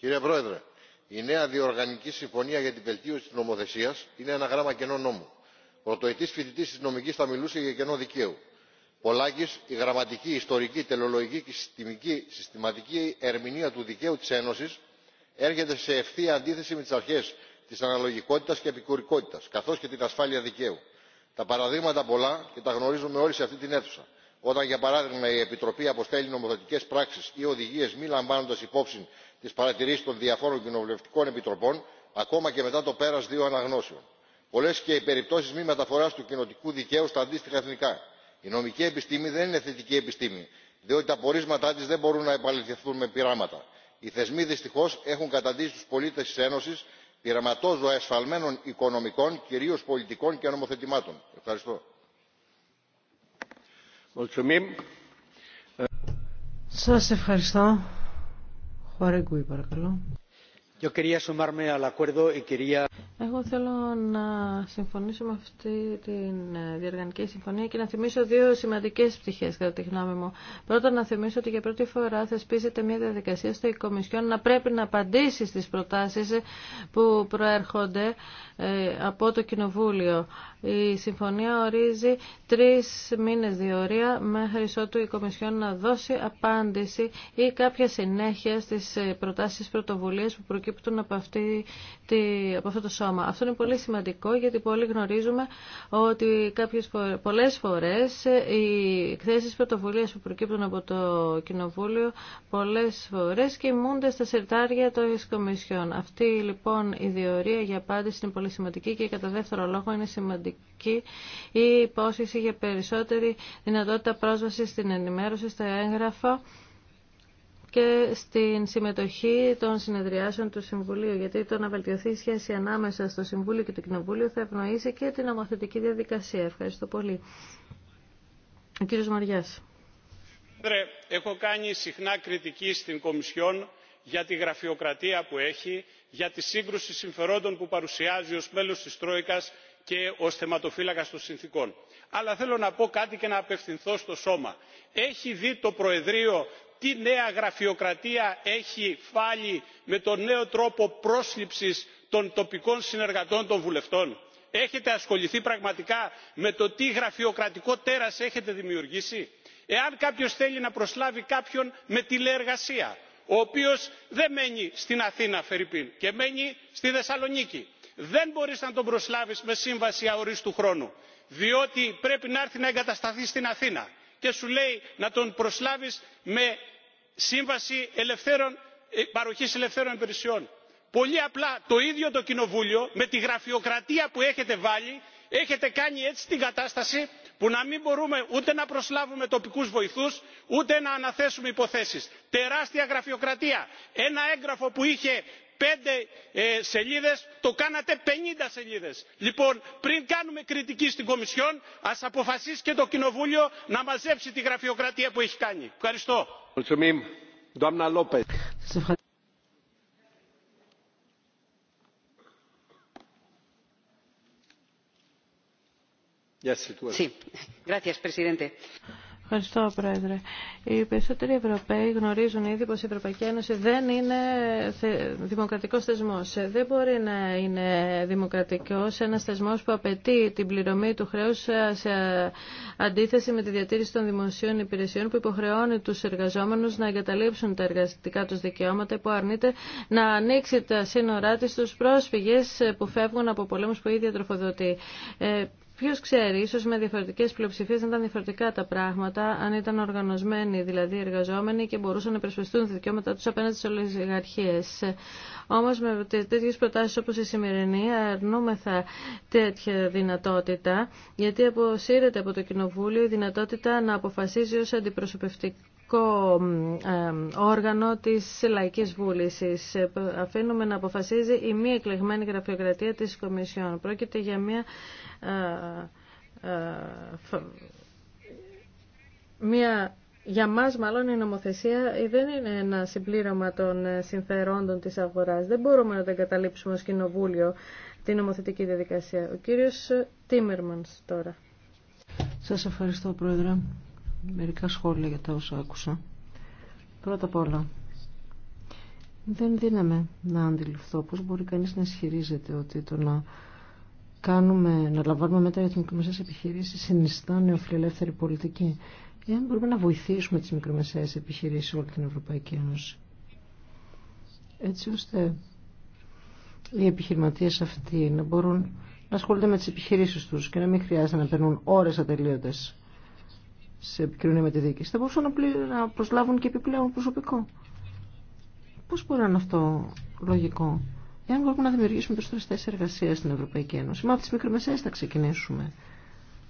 Κύριε Πρόεδρε, η νέα διοργανική συμφωνία για την βελτίωση τη νομοθεσία είναι ένα γράμμα κενό νόμου. πρωτοετή φοιτητή τη νομική θα μιλούσε για κενό δικαίου. πολάκη η γραμματική ιστορική τελεολογική και συστηματική ερμηνεία του δικαίου τη ένωση έρχεται σε ευθεία αντίθεση με τι αρχέ τη αναλογικότητα και επικουρικότητα καθώ και την ασφάλεια δικαίου. τα παραδείγματα πολλά και τα γνωρίζουμε όλοι σε αυτή την αίθουσα όταν για παράδειγμα η επιτροπή αποστέλει νομοθετικέ πράξει ή οδηγίε μη λαμβάνοντα υπόψη τις παρατηρήσεις των διαφόρων κοινοβουλευτικών επιτροπών ακόμα και μετά το πέρας δύο αναγνώσεων. πολλές και οι περιπτώσεις μη μεταφοράς του κοινοτικού δικαίου στα αντίστοιχα εθνικά. η νομική επιστήμη δεν είναι θετική επιστήμη διότι τα πορίσματά της δεν μπορούν να επαληθευθούν με πειράματα. οι θεσμοί δυστυχώς έχουν καταντήσει τους πολίτες της ένωσης πειραματόζωα εσφαλμένων οικονομικών κυρίως πολιτικών και νομοθετημάτων. ευχαριστώ. Χορεγκούι, παρακαλώ. Εγώ θέλω να συμφωνήσω με αυτή τη ε, διαργανική συμφωνία και να θυμίσω δύο σημαντικέ πτυχέ, κατά τη γνώμη μου. Πρώτον, να θυμίσω ότι για πρώτη φορά θεσπίζεται μια διαδικασία στο Οικομισιόν να πρέπει να απαντήσει στι προτάσει που προέρχονται ε, από το Κοινοβούλιο. Η συμφωνία ορίζει τρει μήνε διορία μέχρι ότου η Οικομισιόν να δώσει απάντηση ή κάποια συνέχεια στι ε, προτάσει πρωτοβουλία που προκύπτουν προκύπτουν από, αυτή, από αυτό το σώμα. Αυτό είναι πολύ σημαντικό γιατί πολλοί γνωρίζουμε ότι κάποιες, πολλές φορές οι εκθέσεις πρωτοβουλία που προκύπτουν από το Κοινοβούλιο πολλές φορές κοιμούνται στα σερτάρια των Κομισιών. Αυτή λοιπόν η διορία για απάντηση είναι πολύ σημαντική και κατά δεύτερο λόγο είναι σημαντική η υπόσχεση για περισσότερη δυνατότητα πρόσβαση στην ενημέρωση, στα έγγραφα και στην συμμετοχή των συνεδριάσεων του Συμβουλίου, γιατί το να βελτιωθεί η σχέση ανάμεσα στο Συμβούλιο και το Κοινοβούλιο θα ευνοήσει και την νομοθετική διαδικασία. Ευχαριστώ πολύ. Ο κύριος Μαριάς. Έχω κάνει συχνά κριτική στην Κομισιόν για τη γραφειοκρατία που έχει, για τη σύγκρουση συμφερόντων που παρουσιάζει ως μέλος της Τρόικας και ως θεματοφύλακας των συνθήκων. Αλλά θέλω να πω κάτι και να απευθυνθώ στο σώμα. Έχει δει το Προεδρείο τι νέα γραφειοκρατία έχει φάλει με τον νέο τρόπο πρόσληψης των τοπικών συνεργατών των βουλευτών. έχετε ασχοληθεί πραγματικά με το τι γραφειοκρατικό τέρας έχετε δημιουργήσει. εάν κάποιος θέλει να προσλάβει κάποιον με τηλεεργασία ο οποίος δεν μένει στην αθήνα φερρυπίν και μένει στη θεσσαλονίκη δεν μπορείς να τον προσλάβεις με σύμβαση αορίστου χρόνου διότι πρέπει να έρθει να εγκατασταθεί στην αθήνα και σου λέει να τον προσλάβεις με σύμβαση ελευθέρων, ε, παροχής ελευθέρων υπηρεσιών. Πολύ απλά το ίδιο το Κοινοβούλιο με τη γραφειοκρατία που έχετε βάλει έχετε κάνει έτσι την κατάσταση που να μην μπορούμε ούτε να προσλάβουμε τοπικούς βοηθούς ούτε να αναθέσουμε υποθέσεις. Τεράστια γραφειοκρατία. Ένα έγγραφο που είχε πέντε ε, σελίδες το κάνατε πενήντα σελίδες. Λοιπόν, πριν κάνουμε κριτική στην Κομισιόν, ας αποφασίσει και το Κοινοβούλιο να μαζέψει τη γραφειοκρατία που έχει κάνει. Ευχαριστώ. Ευχαριστώ, Πρόεδρε. Οι περισσότεροι Ευρωπαίοι γνωρίζουν ήδη πως η Ευρωπαϊκή Ένωση δεν είναι δημοκρατικός θεσμός. Δεν μπορεί να είναι δημοκρατικός ένας θεσμός που απαιτεί την πληρωμή του χρέους σε αντίθεση με τη διατήρηση των δημοσίων υπηρεσιών που υποχρεώνει τους εργαζόμενους να εγκαταλείψουν τα εργαστικά τους δικαιώματα που αρνείται να ανοίξει τα σύνορά της στους πρόσφυγες που φεύγουν από πολέμους που ήδη τροφοδοτεί. Ε, Ποιο ξέρει, ίσω με διαφορετικέ πλειοψηφίε να ήταν διαφορετικά τα πράγματα, αν ήταν οργανωμένοι, δηλαδή οι εργαζόμενοι και μπορούσαν να υπερασπιστούν τα δικαιώματά του απέναντι στι ολιγαρχίε. Όμω με τέτοιε προτάσει όπω η σημερινή αρνούμεθα τέτοια δυνατότητα, γιατί αποσύρεται από το Κοινοβούλιο η δυνατότητα να αποφασίζει ω αντιπροσωπευτικό ε, όργανο της Λαϊκής Βούλησης. Αφήνουμε να αποφασίζει η μη εκλεγμένη γραφειοκρατία της Κομισιόν. Πρόκειται για μια ε, ε, μια για μας μάλλον η νομοθεσία ε, δεν είναι ένα συμπλήρωμα των συμφερόντων της αγορά. Δεν μπορούμε να τα καταλήψουμε ως κοινοβούλιο την νομοθετική διαδικασία. Ο κύριος Τίμερμαν τώρα. Σα ευχαριστώ Πρόεδρε μερικά σχόλια για τα όσα άκουσα. Πρώτα απ' όλα, δεν δύναμε να αντιληφθώ πώς μπορεί κανείς να ισχυρίζεται ότι το να κάνουμε, να λαμβάνουμε μέτρα για τις μικρομεσαίες επιχειρήσεις συνιστά νεοφιλελεύθερη πολιτική. Εάν μπορούμε να βοηθήσουμε τις μικρομεσαίες επιχειρήσεις όλη την Ευρωπαϊκή Ένωση. Έτσι ώστε οι επιχειρηματίες αυτοί να μπορούν να ασχολούνται με τις επιχειρήσεις τους και να μην χρειάζεται να περνούν ώρες ατελείωτες σε επικοινωνία με τη διοίκηση, θα μπορούσαν να προσλάβουν και επιπλέον προσωπικό. Πώ μπορεί να είναι αυτό λογικό, εάν μπορούμε να δημιουργήσουμε περισσότερε θέσει εργασία στην Ευρωπαϊκή Ένωση. Μα από τι μικρομεσαίε θα ξεκινήσουμε.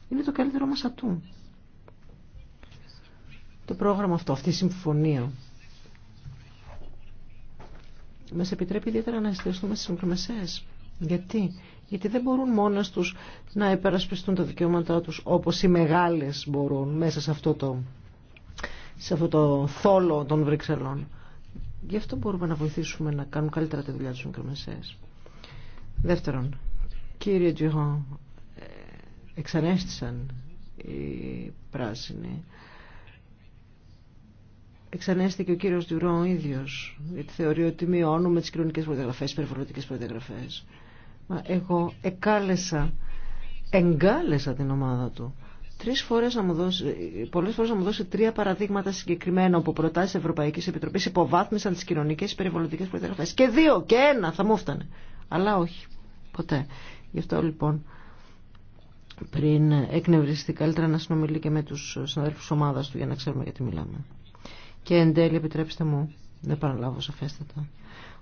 Είναι το καλύτερό μα ατού. Το πρόγραμμα αυτό, αυτή η συμφωνία, μα επιτρέπει ιδιαίτερα να εστιαστούμε στι μικρομεσαίε. Γιατί γιατί δεν μπορούν μόνες τους να υπερασπιστούν τα δικαιώματά τους όπως οι μεγάλες μπορούν μέσα σε αυτό το, σε αυτό το θόλο των Βρυξελών. Γι' αυτό μπορούμε να βοηθήσουμε να κάνουν καλύτερα τη δουλειά τους μικρομεσαίες. Δεύτερον, κύριε Τζιχόν, ε, εξανέστησαν οι πράσινοι. Εξανέστηκε ο κύριος Ντουρό ο ίδιος, γιατί θεωρεί ότι μειώνουμε τις κοινωνικές προδιαγραφέ, τις περιβαλλοντικές εγώ εκάλεσα, εγκάλεσα την ομάδα του τρεις φορές να μου δώσει, πολλές φορές να μου δώσει τρία παραδείγματα συγκεκριμένα όπου προτάσει Ευρωπαϊκής Επιτροπής υποβάθμισαν τις κοινωνικές περιβαλλοντικές προτεραιότητε. Και δύο και ένα θα μου έφτανε. Αλλά όχι. Ποτέ. Γι' αυτό λοιπόν πριν εκνευριστεί καλύτερα να συνομιλεί και με τους συναδέλφους ομάδας του για να ξέρουμε γιατί μιλάμε. Και εν τέλει επιτρέψτε μου δεν παραλάβω σαφέστατα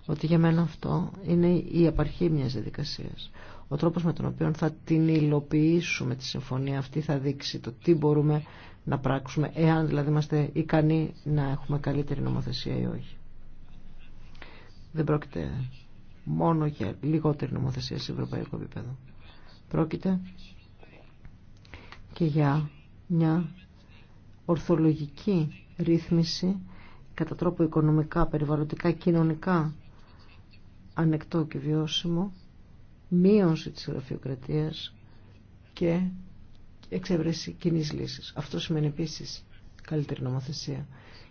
ότι για μένα αυτό είναι η απαρχή μιας διαδικασίας. Ο τρόπος με τον οποίο θα την υλοποιήσουμε τη συμφωνία αυτή θα δείξει το τι μπορούμε να πράξουμε, εάν δηλαδή είμαστε ικανοί να έχουμε καλύτερη νομοθεσία ή όχι. Δεν πρόκειται μόνο για λιγότερη νομοθεσία σε ευρωπαϊκό επίπεδο. Πρόκειται και για μια ορθολογική ρύθμιση κατά τρόπο οικονομικά, περιβαλλοντικά, κοινωνικά ανεκτό και βιώσιμο, μείωση της γραφειοκρατίας και εξέβρεση κοινή λύση. Αυτό σημαίνει επίση καλύτερη νομοθεσία.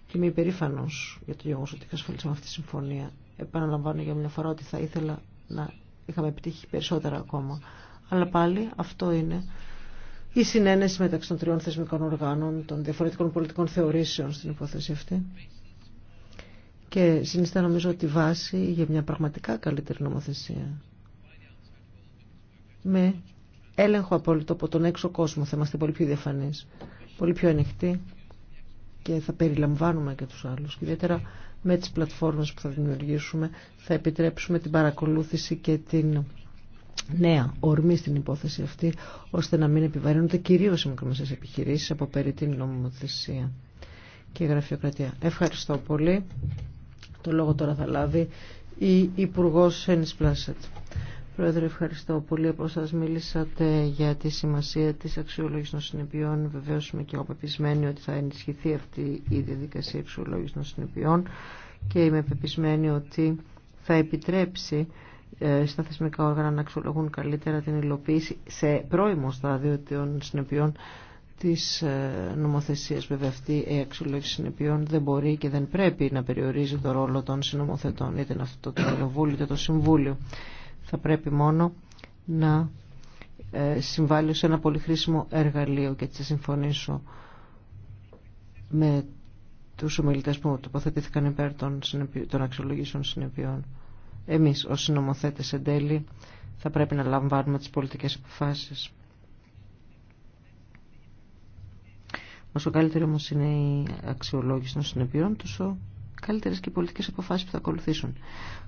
Και είμαι υπερήφανο για το γεγονό ότι με αυτή τη συμφωνία. Επαναλαμβάνω για μια φορά ότι θα ήθελα να είχαμε επιτύχει περισσότερα ακόμα. Αλλά πάλι αυτό είναι η συνένεση μεταξύ των τριών θεσμικών οργάνων, των διαφορετικών πολιτικών θεωρήσεων στην υπόθεση αυτή και συνιστά νομίζω τη βάση για μια πραγματικά καλύτερη νομοθεσία. Με έλεγχο απόλυτο από τον έξω κόσμο θα είμαστε πολύ πιο διαφανείς, πολύ πιο ανοιχτοί και θα περιλαμβάνουμε και τους άλλους. Ιδιαίτερα με τις πλατφόρμες που θα δημιουργήσουμε θα επιτρέψουμε την παρακολούθηση και την νέα ορμή στην υπόθεση αυτή ώστε να μην επιβαρύνονται κυρίως οι μικρομεσαίες επιχειρήσεις από περί την νομοθεσία και γραφειοκρατία. Ευχαριστώ πολύ. Το λόγο τώρα θα λάβει η Υπουργό Σένις Πλάσετ. Πρόεδρε, ευχαριστώ πολύ που σας μίλησατε για τη σημασία της αξιολόγησης των συνεπειών. Βεβαίως είμαι και εγώ πεπισμένη ότι θα ενισχυθεί αυτή η διαδικασία αξιολόγησης των συνεπειών και είμαι πεπισμένη ότι θα επιτρέψει ε, στα θεσμικά όργανα να αξιολογούν καλύτερα την υλοποίηση σε πρώιμο στάδιο των συνεπειών της ε, νομοθεσίας βέβαια αυτή η αξιολόγηση συνεπειών δεν μπορεί και δεν πρέπει να περιορίζει το ρόλο των συνομοθετών είτε αυτό το κοινοβούλιο είτε το συμβούλιο θα πρέπει μόνο να ε, συμβάλλει σε ένα πολύ χρήσιμο εργαλείο και έτσι θα συμφωνήσω με τους ομιλητές που τοποθετήθηκαν υπέρ των, των αξιολογήσεων συνεπειών εμείς ως συνομοθέτες εν τέλει θα πρέπει να λαμβάνουμε τις πολιτικές αποφάσεις Όσο καλύτερη όμω είναι η αξιολόγηση των συνεπειών, τόσο καλύτερε και οι πολιτικέ αποφάσει που θα ακολουθήσουν.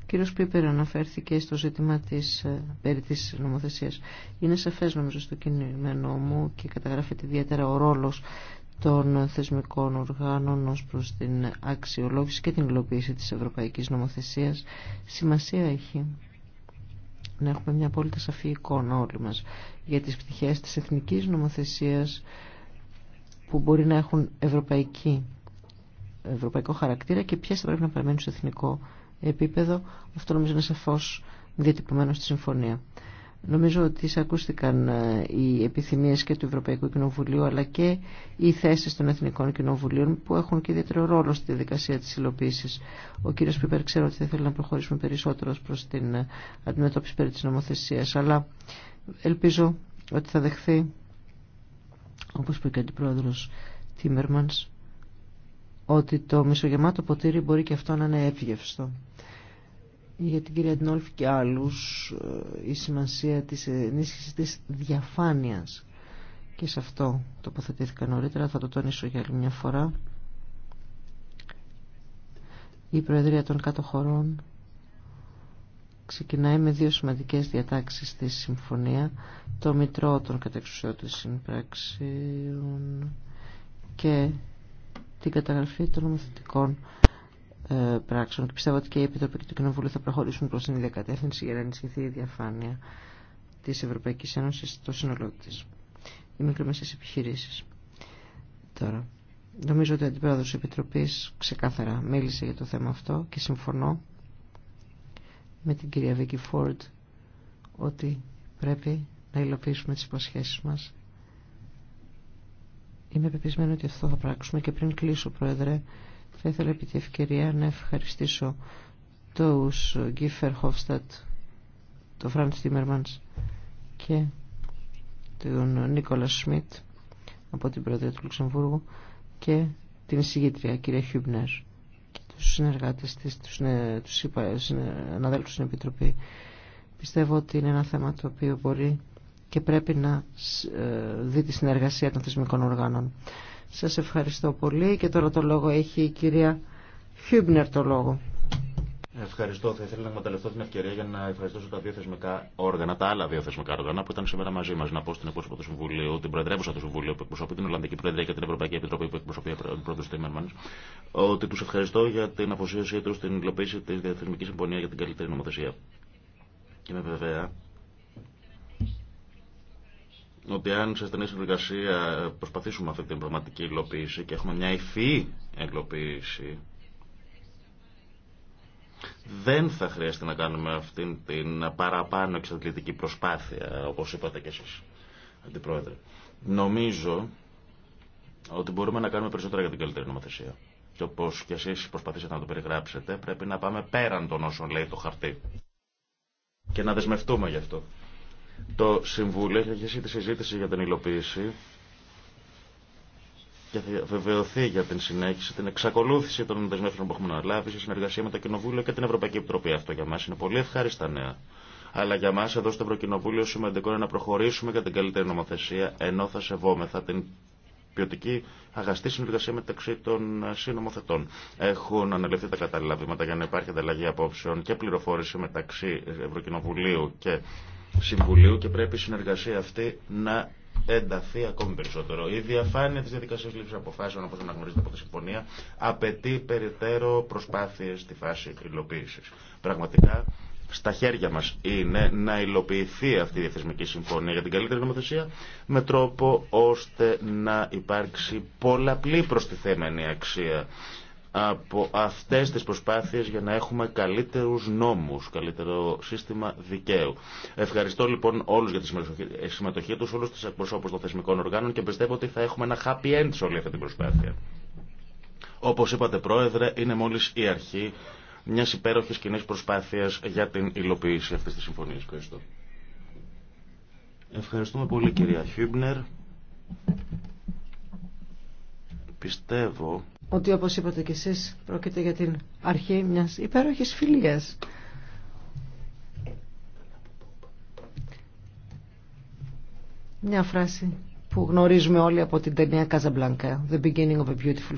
Ο κύριο Πίπερ αναφέρθηκε στο ζήτημα τη ε, περί τη νομοθεσία. Είναι σαφέ νομίζω στο κείμενό μου και καταγράφεται ιδιαίτερα ο ρόλο των θεσμικών οργάνων ως προς την αξιολόγηση και την υλοποίηση της ευρωπαϊκής νομοθεσίας σημασία έχει να έχουμε μια απόλυτα σαφή εικόνα όλοι μας για τις πτυχές της εθνικής νομοθεσία που μπορεί να έχουν ευρωπαϊκή, ευρωπαϊκό χαρακτήρα και ποιε θα πρέπει να παραμένουν σε εθνικό επίπεδο. Αυτό νομίζω είναι σαφώ διατυπωμένο στη συμφωνία. Νομίζω ότι ακούστηκαν ε, οι επιθυμίες και του Ευρωπαϊκού Κοινοβουλίου αλλά και οι θέσεις των Εθνικών Κοινοβουλίων που έχουν και ιδιαίτερο ρόλο στη διαδικασία της υλοποίησης. Ο κύριος Πίπερ ξέρω ότι θα θέλει να προχωρήσουμε περισσότερο προς την ε, αντιμετώπιση περί της νομοθεσίας αλλά ελπίζω ότι θα δεχθεί όπως είπε και ο Τίμερμανς, ότι το μισογεμάτο ποτήρι μπορεί και αυτό να είναι εύγευστο. Για την κυρία Τινόλφ και άλλους ε, η σημασία της ενίσχυσης της διαφάνειας και σε αυτό τοποθετήθηκα νωρίτερα, θα το τονίσω για άλλη μια φορά. Η Προεδρία των Κάτω Χωρών ξεκινάει με δύο σημαντικές διατάξεις στη συμφωνία το μητρό των κατεξουσιώτων συμπράξεων και την καταγραφή των νομοθετικών ε, πράξεων και πιστεύω ότι και η Επιτροπή και το Κοινοβούλιο θα προχωρήσουν προς την διακατεύθυνση για να ενισχυθεί η διαφάνεια της Ευρωπαϊκής Ένωσης στο σύνολό τη. Οι μικρομεσαίες επιχειρήσεις. Τώρα, νομίζω ότι ο Αντιπρόεδρος της Επιτροπής ξεκάθαρα μίλησε για το θέμα αυτό και συμφωνώ με την κυρία Βίκη ότι πρέπει να υλοποιήσουμε τις υποσχέσεις μας. Είμαι πεπισμένη ότι αυτό θα πράξουμε και πριν κλείσω, Πρόεδρε, θα ήθελα επί τη ευκαιρία να ευχαριστήσω τους Γκίφερ Χόφστατ, τον Φραντ Τίμερμανς και τον Νίκολα Σμιτ από την Πρόεδρε του Λουξεμβούργου και την εισηγήτρια κυρία Χιούμπνερ τους συνεργάτες της, τους, τους είπα, στην Επιτροπή. Πιστεύω ότι είναι ένα θέμα το οποίο μπορεί και πρέπει να ε, δει τη συνεργασία των θεσμικών οργάνων. Σας ευχαριστώ πολύ και τώρα το λόγο έχει η κυρία Χιούμπνερ το λόγο. Ευχαριστώ. Θα ήθελα να εκμεταλλευτώ την ευκαιρία για να ευχαριστήσω τα δύο θεσμικά όργανα, τα άλλα δύο θεσμικά όργανα που ήταν σήμερα μαζί μα. Να πω στην εκπρόσωπο του Συμβουλίου, την Προεδρεύουσα του Συμβουλίου που εκπροσωπεί την Ολλανδική Προεδρία και την Ευρωπαϊκή Επιτροπή που εκπροσωπεί ο Πρόεδρο Τίμερμαν, ότι του ευχαριστώ για την αφοσίωσή του στην υλοποίηση τη Διαθεσμική Συμφωνία για την καλύτερη νομοθεσία. Και Είμαι βέβαια ότι αν σε στενή συνεργασία προσπαθήσουμε αυτή την πραγματική υλοποίηση και έχουμε μια υφή υλοποίηση, δεν θα χρειαστεί να κάνουμε αυτήν την παραπάνω εξαντλητική προσπάθεια, όπως είπατε κι εσείς, Αντιπρόεδρε. Νομίζω ότι μπορούμε να κάνουμε περισσότερα για την καλύτερη νομοθεσία και όπως και εσείς προσπαθήσατε να το περιγράψετε, πρέπει να πάμε πέραν των όσων λέει το χαρτί και να δεσμευτούμε γι' αυτό. Το Συμβούλιο έχει αρχίσει τη συζήτηση για την υλοποίηση και θα βεβαιωθεί για την συνέχιση, την εξακολούθηση των δεσμεύσεων που έχουμε αναλάβει σε συνεργασία με το Κοινοβούλιο και την Ευρωπαϊκή Επιτροπή. Αυτό για μα είναι πολύ ευχάριστα νέα. Αλλά για μα εδώ στο Ευρωκοινοβούλιο σημαντικό είναι να προχωρήσουμε για την καλύτερη νομοθεσία, ενώ θα σεβόμεθα την ποιοτική αγαστή συνεργασία μεταξύ των ε, συνομοθετών. Έχουν αναλυθεί τα κατάλληλα βήματα για να υπάρχει ανταλλαγή απόψεων και πληροφόρηση μεταξύ Ευρωκοινοβουλίου και Συμβουλίου και πρέπει η συνεργασία αυτή να ενταθεί ακόμη περισσότερο. Η διαφάνεια τη διαδικασία λήψη αποφάσεων, όπω αναγνωρίζεται από τη συμφωνία, απαιτεί περαιτέρω προσπάθειε στη φάση υλοποίηση. Πραγματικά στα χέρια μας είναι να υλοποιηθεί αυτή η θεσμική συμφωνία για την καλύτερη νομοθεσία με τρόπο ώστε να υπάρξει πολλαπλή προστιθέμενη αξία από αυτές τις προσπάθειες για να έχουμε καλύτερους νόμους, καλύτερο σύστημα δικαίου. Ευχαριστώ λοιπόν όλους για τη συμμετοχή ε, τους, όλους τους εκπροσώπους των θεσμικών οργάνων και πιστεύω ότι θα έχουμε ένα happy end σε όλη αυτή την προσπάθεια. Όπως είπατε πρόεδρε, είναι μόλις η αρχή μια υπέροχη κοινή προσπάθεια για την υλοποίηση αυτή τη συμφωνία. Ευχαριστώ. Ευχαριστούμε πολύ κυρία Χιούμπνερ. Πιστεύω ότι όπως είπατε και εσείς πρόκειται για την αρχή μιας υπέροχης φιλίας. Μια φράση που γνωρίζουμε όλοι από την ταινία Casablanca, The Beginning of a Beautiful